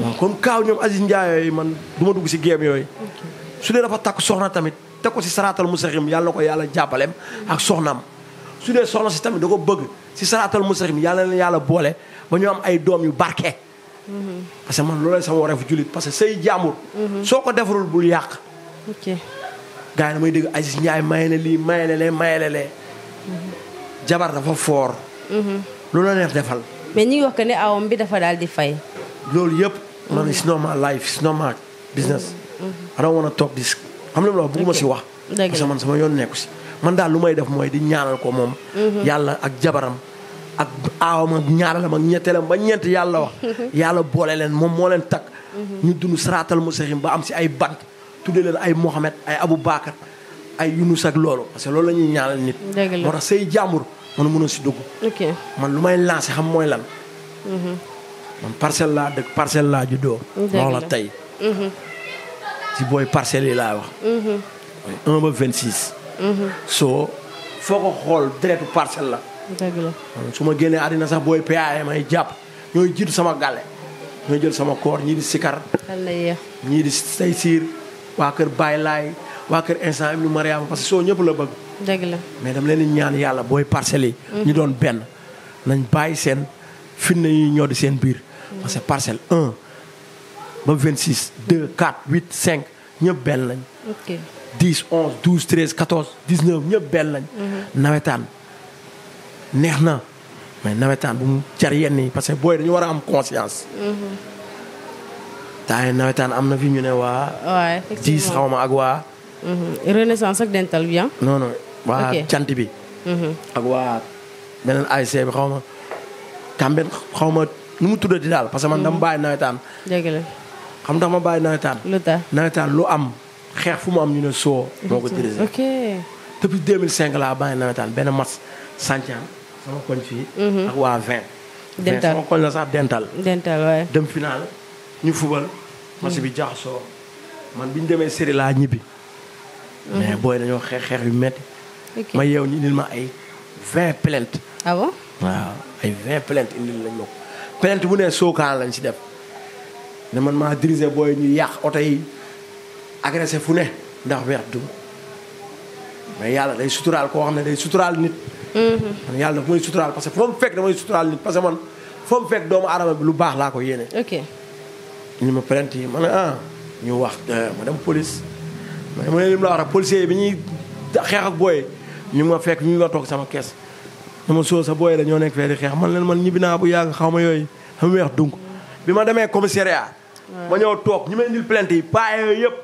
moom comme kaaw ñoom Aziz Ndiaye man du ma dugg si géem yooyu su dee dafa takk soxna tamit teg ko si saraatal musaxim yàlla na ko yàlla jàppaleem ak soxnaam su dee soxna si tamit da ko bëgg si saraatal musaxim yàlla na yàlla boole ba ñu am ay doom yu barke. parce que man loolu sama wareef jullit parce que say jaamur. soo ko defarul bul yàq. ok gars yi damay dégg Aziz Ndiaye maye na lii maye na lee maye na lee jabar dafa foor. lu la neex defal. mais ñi ngi wax que ne awam bi dafa daal di fay. loolu yëpp. man it's normal life it's I don't a talk this xam la bëgguma si wax. parce sa man sama yoon nekku si. man daal lu may def mooy di ñaanal ko moom. Mhm. yàlla ak jabaram. ak aawam ak ñaaralam ak ñetteelam ba ñeent yàlla wax. yàlla boole leen moom moo leen takk. Mhm. ñu dund siraatal mustaqiim ba am si ay bant. tuddee leen ay Mohamed ay abu Aboubacar ay Yunus ak loolu parce que loolu la ñuy ñaanal nit. moo tax say jàmbur man mënoo si dugg. man lu may lancé xam mooy lan. Mhm. man parcelle laa dëkk laa juddoo. dëgg si booy parcelles yi laa wax. mooy un ba vingt soo foo ko xool deretu parcelle la. dëgg la su ma génnee àddina sax booy PAM ay jàpp ñooy jiitu sama gàlle ñooy jël sama koor ñii di Sikar. ñii di say siir waa kër Baye Laay waa kër instant am nu Mariama parce que soo ñëpp la bëgg. dëgg la mais dama leen di ñaan yàlla booy parcel yi. ñu mm-hmm. doon benn nañ bàyyi seen fitna yi ñoo seen biir. parce que ba 26 2 4 8 5 ñëpp benn lañ. ok 10 11 12 13 14 19 ñëpp benn lañ. Mhm. nawetaan neex na mais nawetaan bu mu jar yenn yi parce que booy dañu war a am conscience. Mhm. taa nawetaan am na fi ñu ne waa. waaw effectivement ma ak waa. Mhm. renaissance ak dental bi ah. non waa cant bi. ak waa beneen ASC bi xaw ma. Kamben xaw ma nu mu tuddati daal parce que man dama bàyyi nawetaan. xam tax ma bàyyi nawetaan. lu tax nawetaan lu am xeex fu mu am ñu ne soo. moo ko dirigé ok. depuis 2005 laa bàyyi nawetaan benn match Santian sama koñ fii. Mhm. ak waa 20. dental sama koñ la sax dental. dem final ñu fubal. match bi mhm. jaaxasoo man bi ñu demee série laa ñibbi. Mhm. mais booy dañoo xeex xeex yu metti ma yeew ñu indil ma ay 20 plainte. ah waaw ay 20 plainte indil lañ ma ko plainte bu ne sookaan lañ ci def. ne man maa diriger booy ñu yàq oto yi agressé fu ne ndax weer duma mais yàlla day suturaal koo xam ne day suturaal nit. Mm-hmm. man yàlla daf may suturaal parce que foo mu fekk damay suturaal nit parce que man foo mu fekk doomu aadama bi lu baax laa ko yéene. ok ñu ma plainte yi ma ne ah ñu wax euh, ma dem police ma ne lim la wax rek policier yi bi ñuy xeex ak booy ñu ma fekk ñu ma toog sama kees. dama soo sa booy la ñoo nekk fee di xeex man leen man ñibbi naa bu yàgg xaw ma yooyu xam weex dunk bi ma demee commissariat. ma ñëw toog ñi may indil plainte yi paa yëpp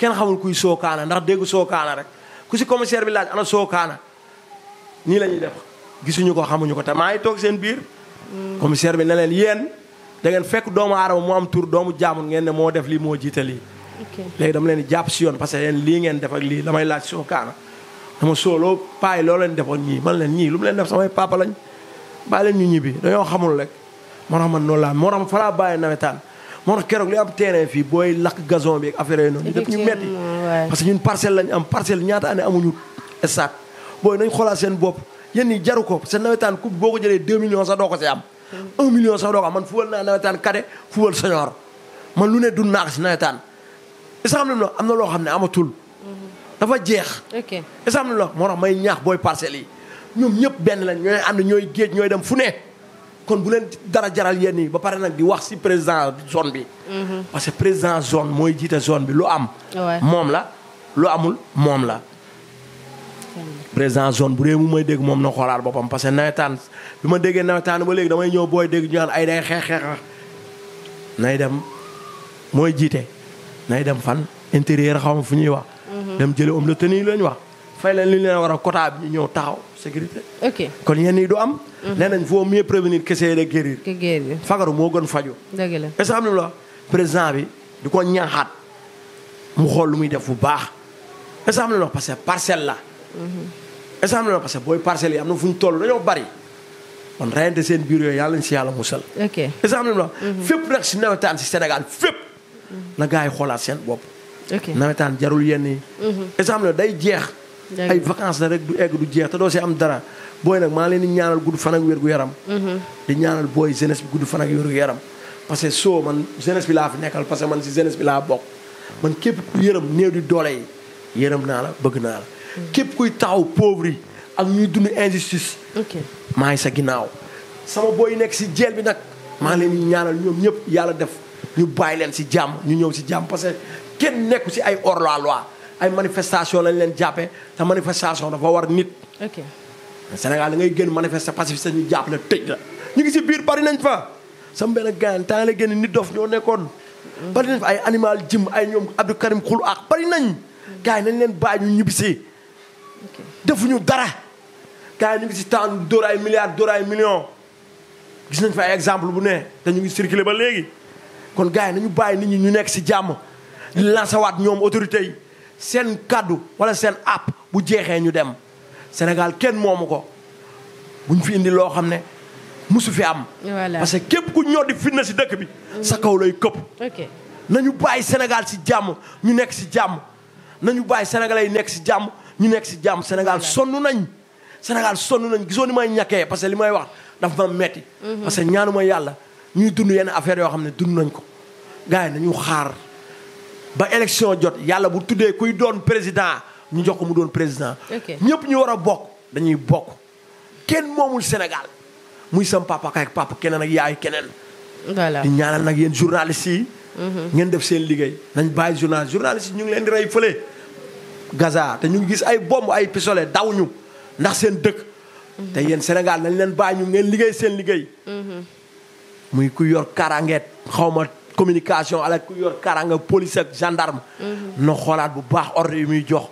kenn xamul kuy soo sookaana ndax dégg sookaana rek ku si commissaire bi laaj ana sookaana nii la ñuy def gisuñu ko xamuñu ko te maa ngi toog seen biir. Mm. commissaire bi ne leen yéen da ngeen fekk doomu aadama mu am tur doomu jaamul ngeen ne moo def lii moo jiite lii. léegi dama leen di jàpp si yoon parce que lii ngeen def ak lii damay laaj sookaana dama sooloo paa paay loo leen defoon ñii man leen ñii lu mu leen def samay papa lañ bàyyi leen ñu ñibbi dañoo xamul rek moo tax man noonu laa moo fa laa bàyyi nawetaan moo tax keroog li am terrain fii booy lakk gason bi ak affaire yooyu noonu. ñu metti parce ñun parcelle lañ am parcelle ñaata année amuñu stade booy nañ xoolaat seen bopp yéen ñi jaru ko seen nawetaan coupe boo ko jëlee 2 millions sax doo ko si am. 1 mm. million sax doo ko am man fubal naa nawetaan kade fubal senior man lu ne du naax si nawetaan est-ce que xam am na loo xam ne amatul. Mm-hmm. dafa jeex. ok est-ce que moo tax may ñaax booy parcel yi ñoom ñëpp benn lañ ñooy ànd ñooy géej ñooy dem fu ne. kon bu leen dara jaral yéen yi ba pare nag di wax si président zone bi. Mhm. parce que président zone mooy jiite zone bi lu am. moom la lu amul moom la. président zone bu dee mu may dégg moom na xoolaat boppam parce que nawetaan bi ma déggee nawetaan ba léegi damay ñëw booy dégg ñu naan ay day xeex xeex nay dem mooy jiite nay dem fan intérieur xaw ma fu ñuy wax. Mhm. dem jëlee homme de tenue lañ wax. fay leen li leen war a quota bi ñëw taxaw sécurité. kon yenn yi du am. Mhm. nee nañ faut mieux prévenir que essayer de guérir. que guérir fagaru moo gën faju dëgg la est président bi di ko ñaaxaat mu xool lu muy def bu baax est la parce que parcelle la. Mhm. est ce que la parce booy parcelles yi am na fu ñu toll dañoo bari. kon reyante seen biir yooyu yàlla nañ si yàlla musal. ok est ce que xam la mhm. fépp rek si nawetaan si Sénégal fépp. na gars yi xoolaat seen bopp. nawetaan jarul yenn yi. est la day ay vacances la rek du egg du jeex te doo si am dara booy nag maa leen di ñaanal gudd fan ak wér gu yaram. Mhm. di ñaanal booy jeunesse bi gudd fan ak wér gu yaram. parce que soo man jeunesse bi laa fi nekkal parce que man si jeunesse bi laa bokk man képp ku yërëm néew di doole yi yërëm naa la bëgg naa la. Mhm. képp kuy taxaw pauvre yi ak ñuy dund injustice. maa ngi sa ginnaaw. sama booy nekk si jeel bi nag maa leen di ñaanal ñoom ñëpp yàlla def ñu bàyyi leen si jàmm ñu ñëw si jàmm parce que kenn nekku si ay hors ay manifestation lañ leen jàppee te manifestation dafa war nit. ok Sénégal da ngay génn manifester pacifiste ñu jàpp la tëj la. ñu ngi si biir bari nañ fa sama benn gaañ temps la génn nit dof ñoo nekkoon. bari nañ fa ay animal jim ay ñoom Abdou Karim xul ak bari nañ. gars nañ leen bàyyi ñu ñibbisi. defuñu dara. gars yi ñu ngi si temps dóor ay milliards dóor ay millions. gis nañ fa ay exemple bu nee te ñu ngi circulé ba léegi kon gars yi nañu bàyyi nit ñi ñu nekk si jàmm di lancer waat ñoom autorité yi. seen kàddu wala seen àpp bu jeexee ñu dem Sénégal kenn moomu ko buñ fi indi loo xam ne musu fi am. parce que képp ku ñoo di fitna si dëkk bi. Mm. sa kaw lay këpp. nañu bàyyi Sénégal si jàmm ñu nekk si jàmm nañu bàyyi sénégalais yi nekk si jàmm ñu nekk si jàmm Sénégal sonn nañ. Sénégal sonn nañ gisoo ni may ñàkkee parce que li may wax dafa ma metti mm-hmm. parce que ñaanuma yàlla ñuy dund yenn affaire yoo xam ne dund nañ ko gars yi nañu xaar. ba élection jot yàlla bu tuddee kuy doon président ñu jox ko mu doon président. ñëpp ñu war a bokk dañuy bokk. kenn moomul Sénégal muy sam papa ak papa keneen ak yaay keneen. voilà di ñaanal nag yéen journalistes yi. Mhm. ngeen def seen liggéey. nañ bàyyi journal journalistes yi ñu ngi leen di rey fële. Gaza te ñu ngi gis ay bomb ay pistolet dawuñu ndax seen dëkk. Mhm. te yéen Sénégal nañ leen bàyyi ñu ngeen liggéey seen liggéey. Mhm. muy ku yor karangeet xawma communication ala ku yor karanga police ak gendarme. Mhm. na xoolaat bu baax ordre yi muy jox.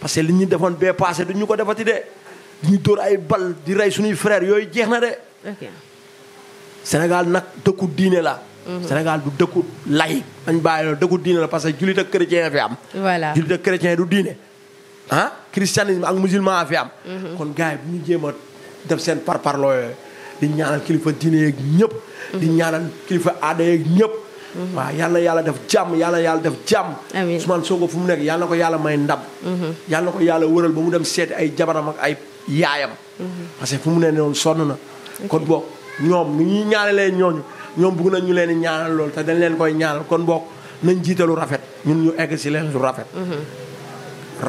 parce que li ñu defoon bee passé du ñu ko defati de. du ñu dóor ay bal di rey suñuy frères yooyu jeex na de. Sénégal nag dëkku diine la. Mhm. Sénégal du dëkku lay. dañ bàyyi loolu dëkku diine la parce que julit ak chrétien fi am. voilà julit ak chrétien du diine. ah christianisme ak musulman fi am. Mhm. kon gars yi ñu jéem a def seen parparloo yooyu di ñaanal kilifa diine yeeg ñëpp. di ñëpp. waaw yàlla yàlla def jàmm yàlla yàlla def jàmm Ousmane Sonko fu mu nekk yàlla na ko yàlla may ndam mhm. yàlla na ko yàlla wëral ba mu dem seeti ay jabaram ak ay yaayam mhm. parce que fu mu ne noonu sonn na kon boog ñoom nu ñuy ñaanalee ñooñu ñoom bëgg nañ ñu leen ñaanal loolu te dañ leen koy ñaanal kon boog nañ jiitalu rafet ñun ñu egg si leen su rafet mhm.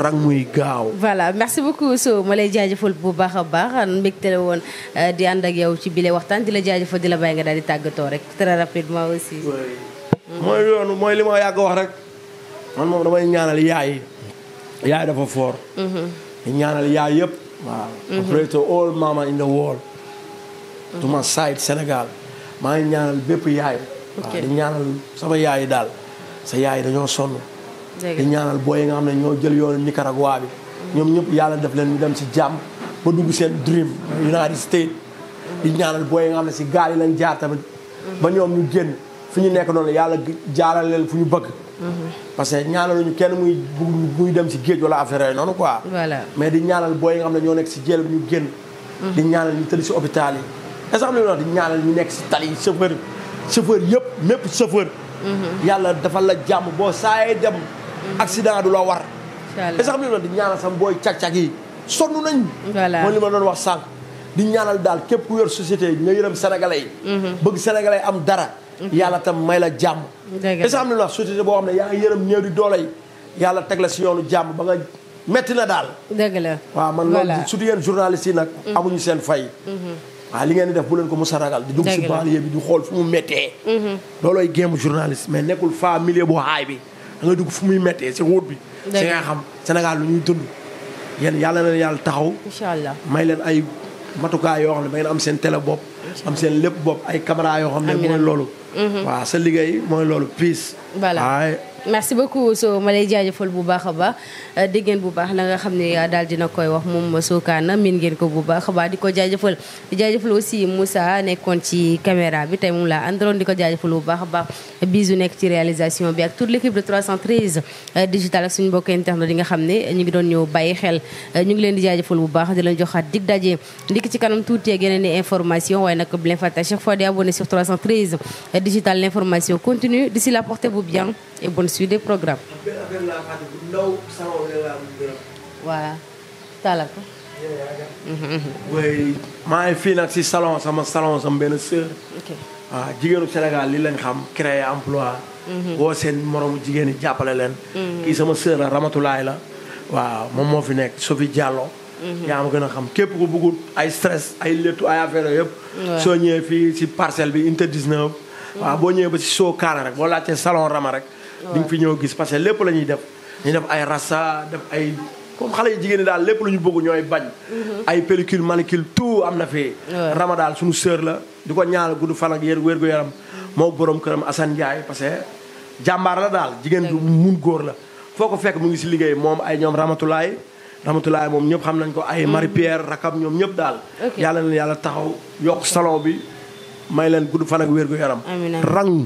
rang muy gaaw. merci beaucoup so ma lay jaajëfal bu baax a baax mbégte la woon eh, di ànd ak yow ci bile waxtaan di la jaajëfal di la mooy yoonu mooy li yàgg wax rek man moom damay ñaanal yaay yaay dafa foor mm-hmm. ñaanal yaay yëpp waaw mm-hmm. pray all mama in the world mm-hmm. to my side Sénégal maa ngi ñaanal bépp yaay waaw di ñaanal sama yaay daal sa yaay dañoo sonn di ñaanal booy yi nga xam ne ñoo jël yoonu Nicaragua bi ñoom ñëpp yàlla def leen ñu dem si jàmm ba dugg seen dream United States di ñaanal booy yi nga xam ne si gaal yi lañ jaar tamit ba ñoom ñu génn fi ñu nekk noonu yàlla jaarale leen fu ñu bëgg. parce que ñaanal ñu kenn muy muy dem si géej wala affaire yooyu noonu quoi. voilà mais di ñaanal booy nga xam ne ñoo nekk si jéel ñu génn. di ñaanal ñu tëdd si hôpital yi. est ce que am na di ñu nekk si tali chauffeur chauffeur yëpp mépp chauffeur. yàlla dafa la jàmm boo saayee dem. Mhm. accident du la war. est ce que am di ñaanal sama booy cag-cag yi sonn nañ. voilà li ma doon wax sànq. di ñaanal daal képp ku yor société yi nga yërëm sénégalais yi. Mhm. bëgg sénégalais am dara. yàlla tam may la jàmm est-ce que am na la société boo xam ne yaa ngi yërëm di doole yàlla teg la si yoonu jàmm ba nga metti na daal dëgg la waaw man loolu surtout yéen journalistes yi nag mm-hmm. amuñu seen fay mm-hmm. waaw li ngeen di def bu leen ko mu a ragal di dugg si banlieue bi di xool fu mu méttee mm-hmm. loolooy géemu journaliste mais nekkul faa milieu bu haay bi da nga dugg fu muy méttee si wóot bi si nga xam Sénégal lu ñuy dund yéen yàlla na yàlla taxaw incha allah may leen ay matukaay yoo xam ne ba ngeen am seen télé bopp am seen lépp bopp ay caméra yoo xam ne mooy loolu Mm-hmm. waaw sa liggéey mooy loolu piis merci beaucoup so ma lay jaajëfal bu baax a baax dégg ngeen bu baax la nga xam ne ah, daal dina koy wax moom Sokane min ngeen ko bu baax a baax di ko jaajëfal di jaajëfal aussi Moussa nekkoon ci caméra bi tey moom laa àndaloon di ko jaajëfal bu baax a baax u nekk ci réalisation bi ak toute l'équipe de 313 euh, digital ak suñu internet yi nga xam ne ñu ngi doon ñëw bàyyi xel euh, ñu ngi leen di jaajëfal bu baax di leen joxaat dig daje ndikk ci kanam tuuti ak yeneen i information waaye nag bu leen fàtte à chaque fois di abonné sur 313 euh, digital suite des programmes. waaw mhm, mhm. maa ngi fii nag si salon sama salon sama benn sœur. waaw ah, jigéenu Sénégal li lañ xam créer emploi. Mhm. woo seen moromu jigéen ñi jàppale leen. kii sama sœur la Ramatulaay la. waa moom moo fi nekk Sophie Diallo. yaa ma gën a xam képp ku bëggul ay stress ay léttu ay affaire yëpp. soo ñëwee fii si parcelle bi unité 19. waaw boo ñëwee ba si soo kaana rek boo laajtee salon Rama rek. di fi ñëw gis parce que lépp la ñuy def ñu def ay rasta def ay comme xale yu jigéen daal lépp lu ñu bëgg ñooy bañ mm-hmm. ay pellicule manicule tout am na fi rama daal suñu sœur la du ko ñaanal gudd fan ak yér wér gu yaram moo borom këram Assane Ndiaye parce que jàmbaar la daal jigéen du mun góor la foo ko fekk mu ngi si liggéey moom ay ñoom ramatulaay ramatulaay moom ñëpp xam nañ ko ay mm-hmm. Marie Pierre rakam ñoom ñëpp daal yàlla na yàlla taxaw yokk salon bi may leen gudd fan ak wér gu yaram rang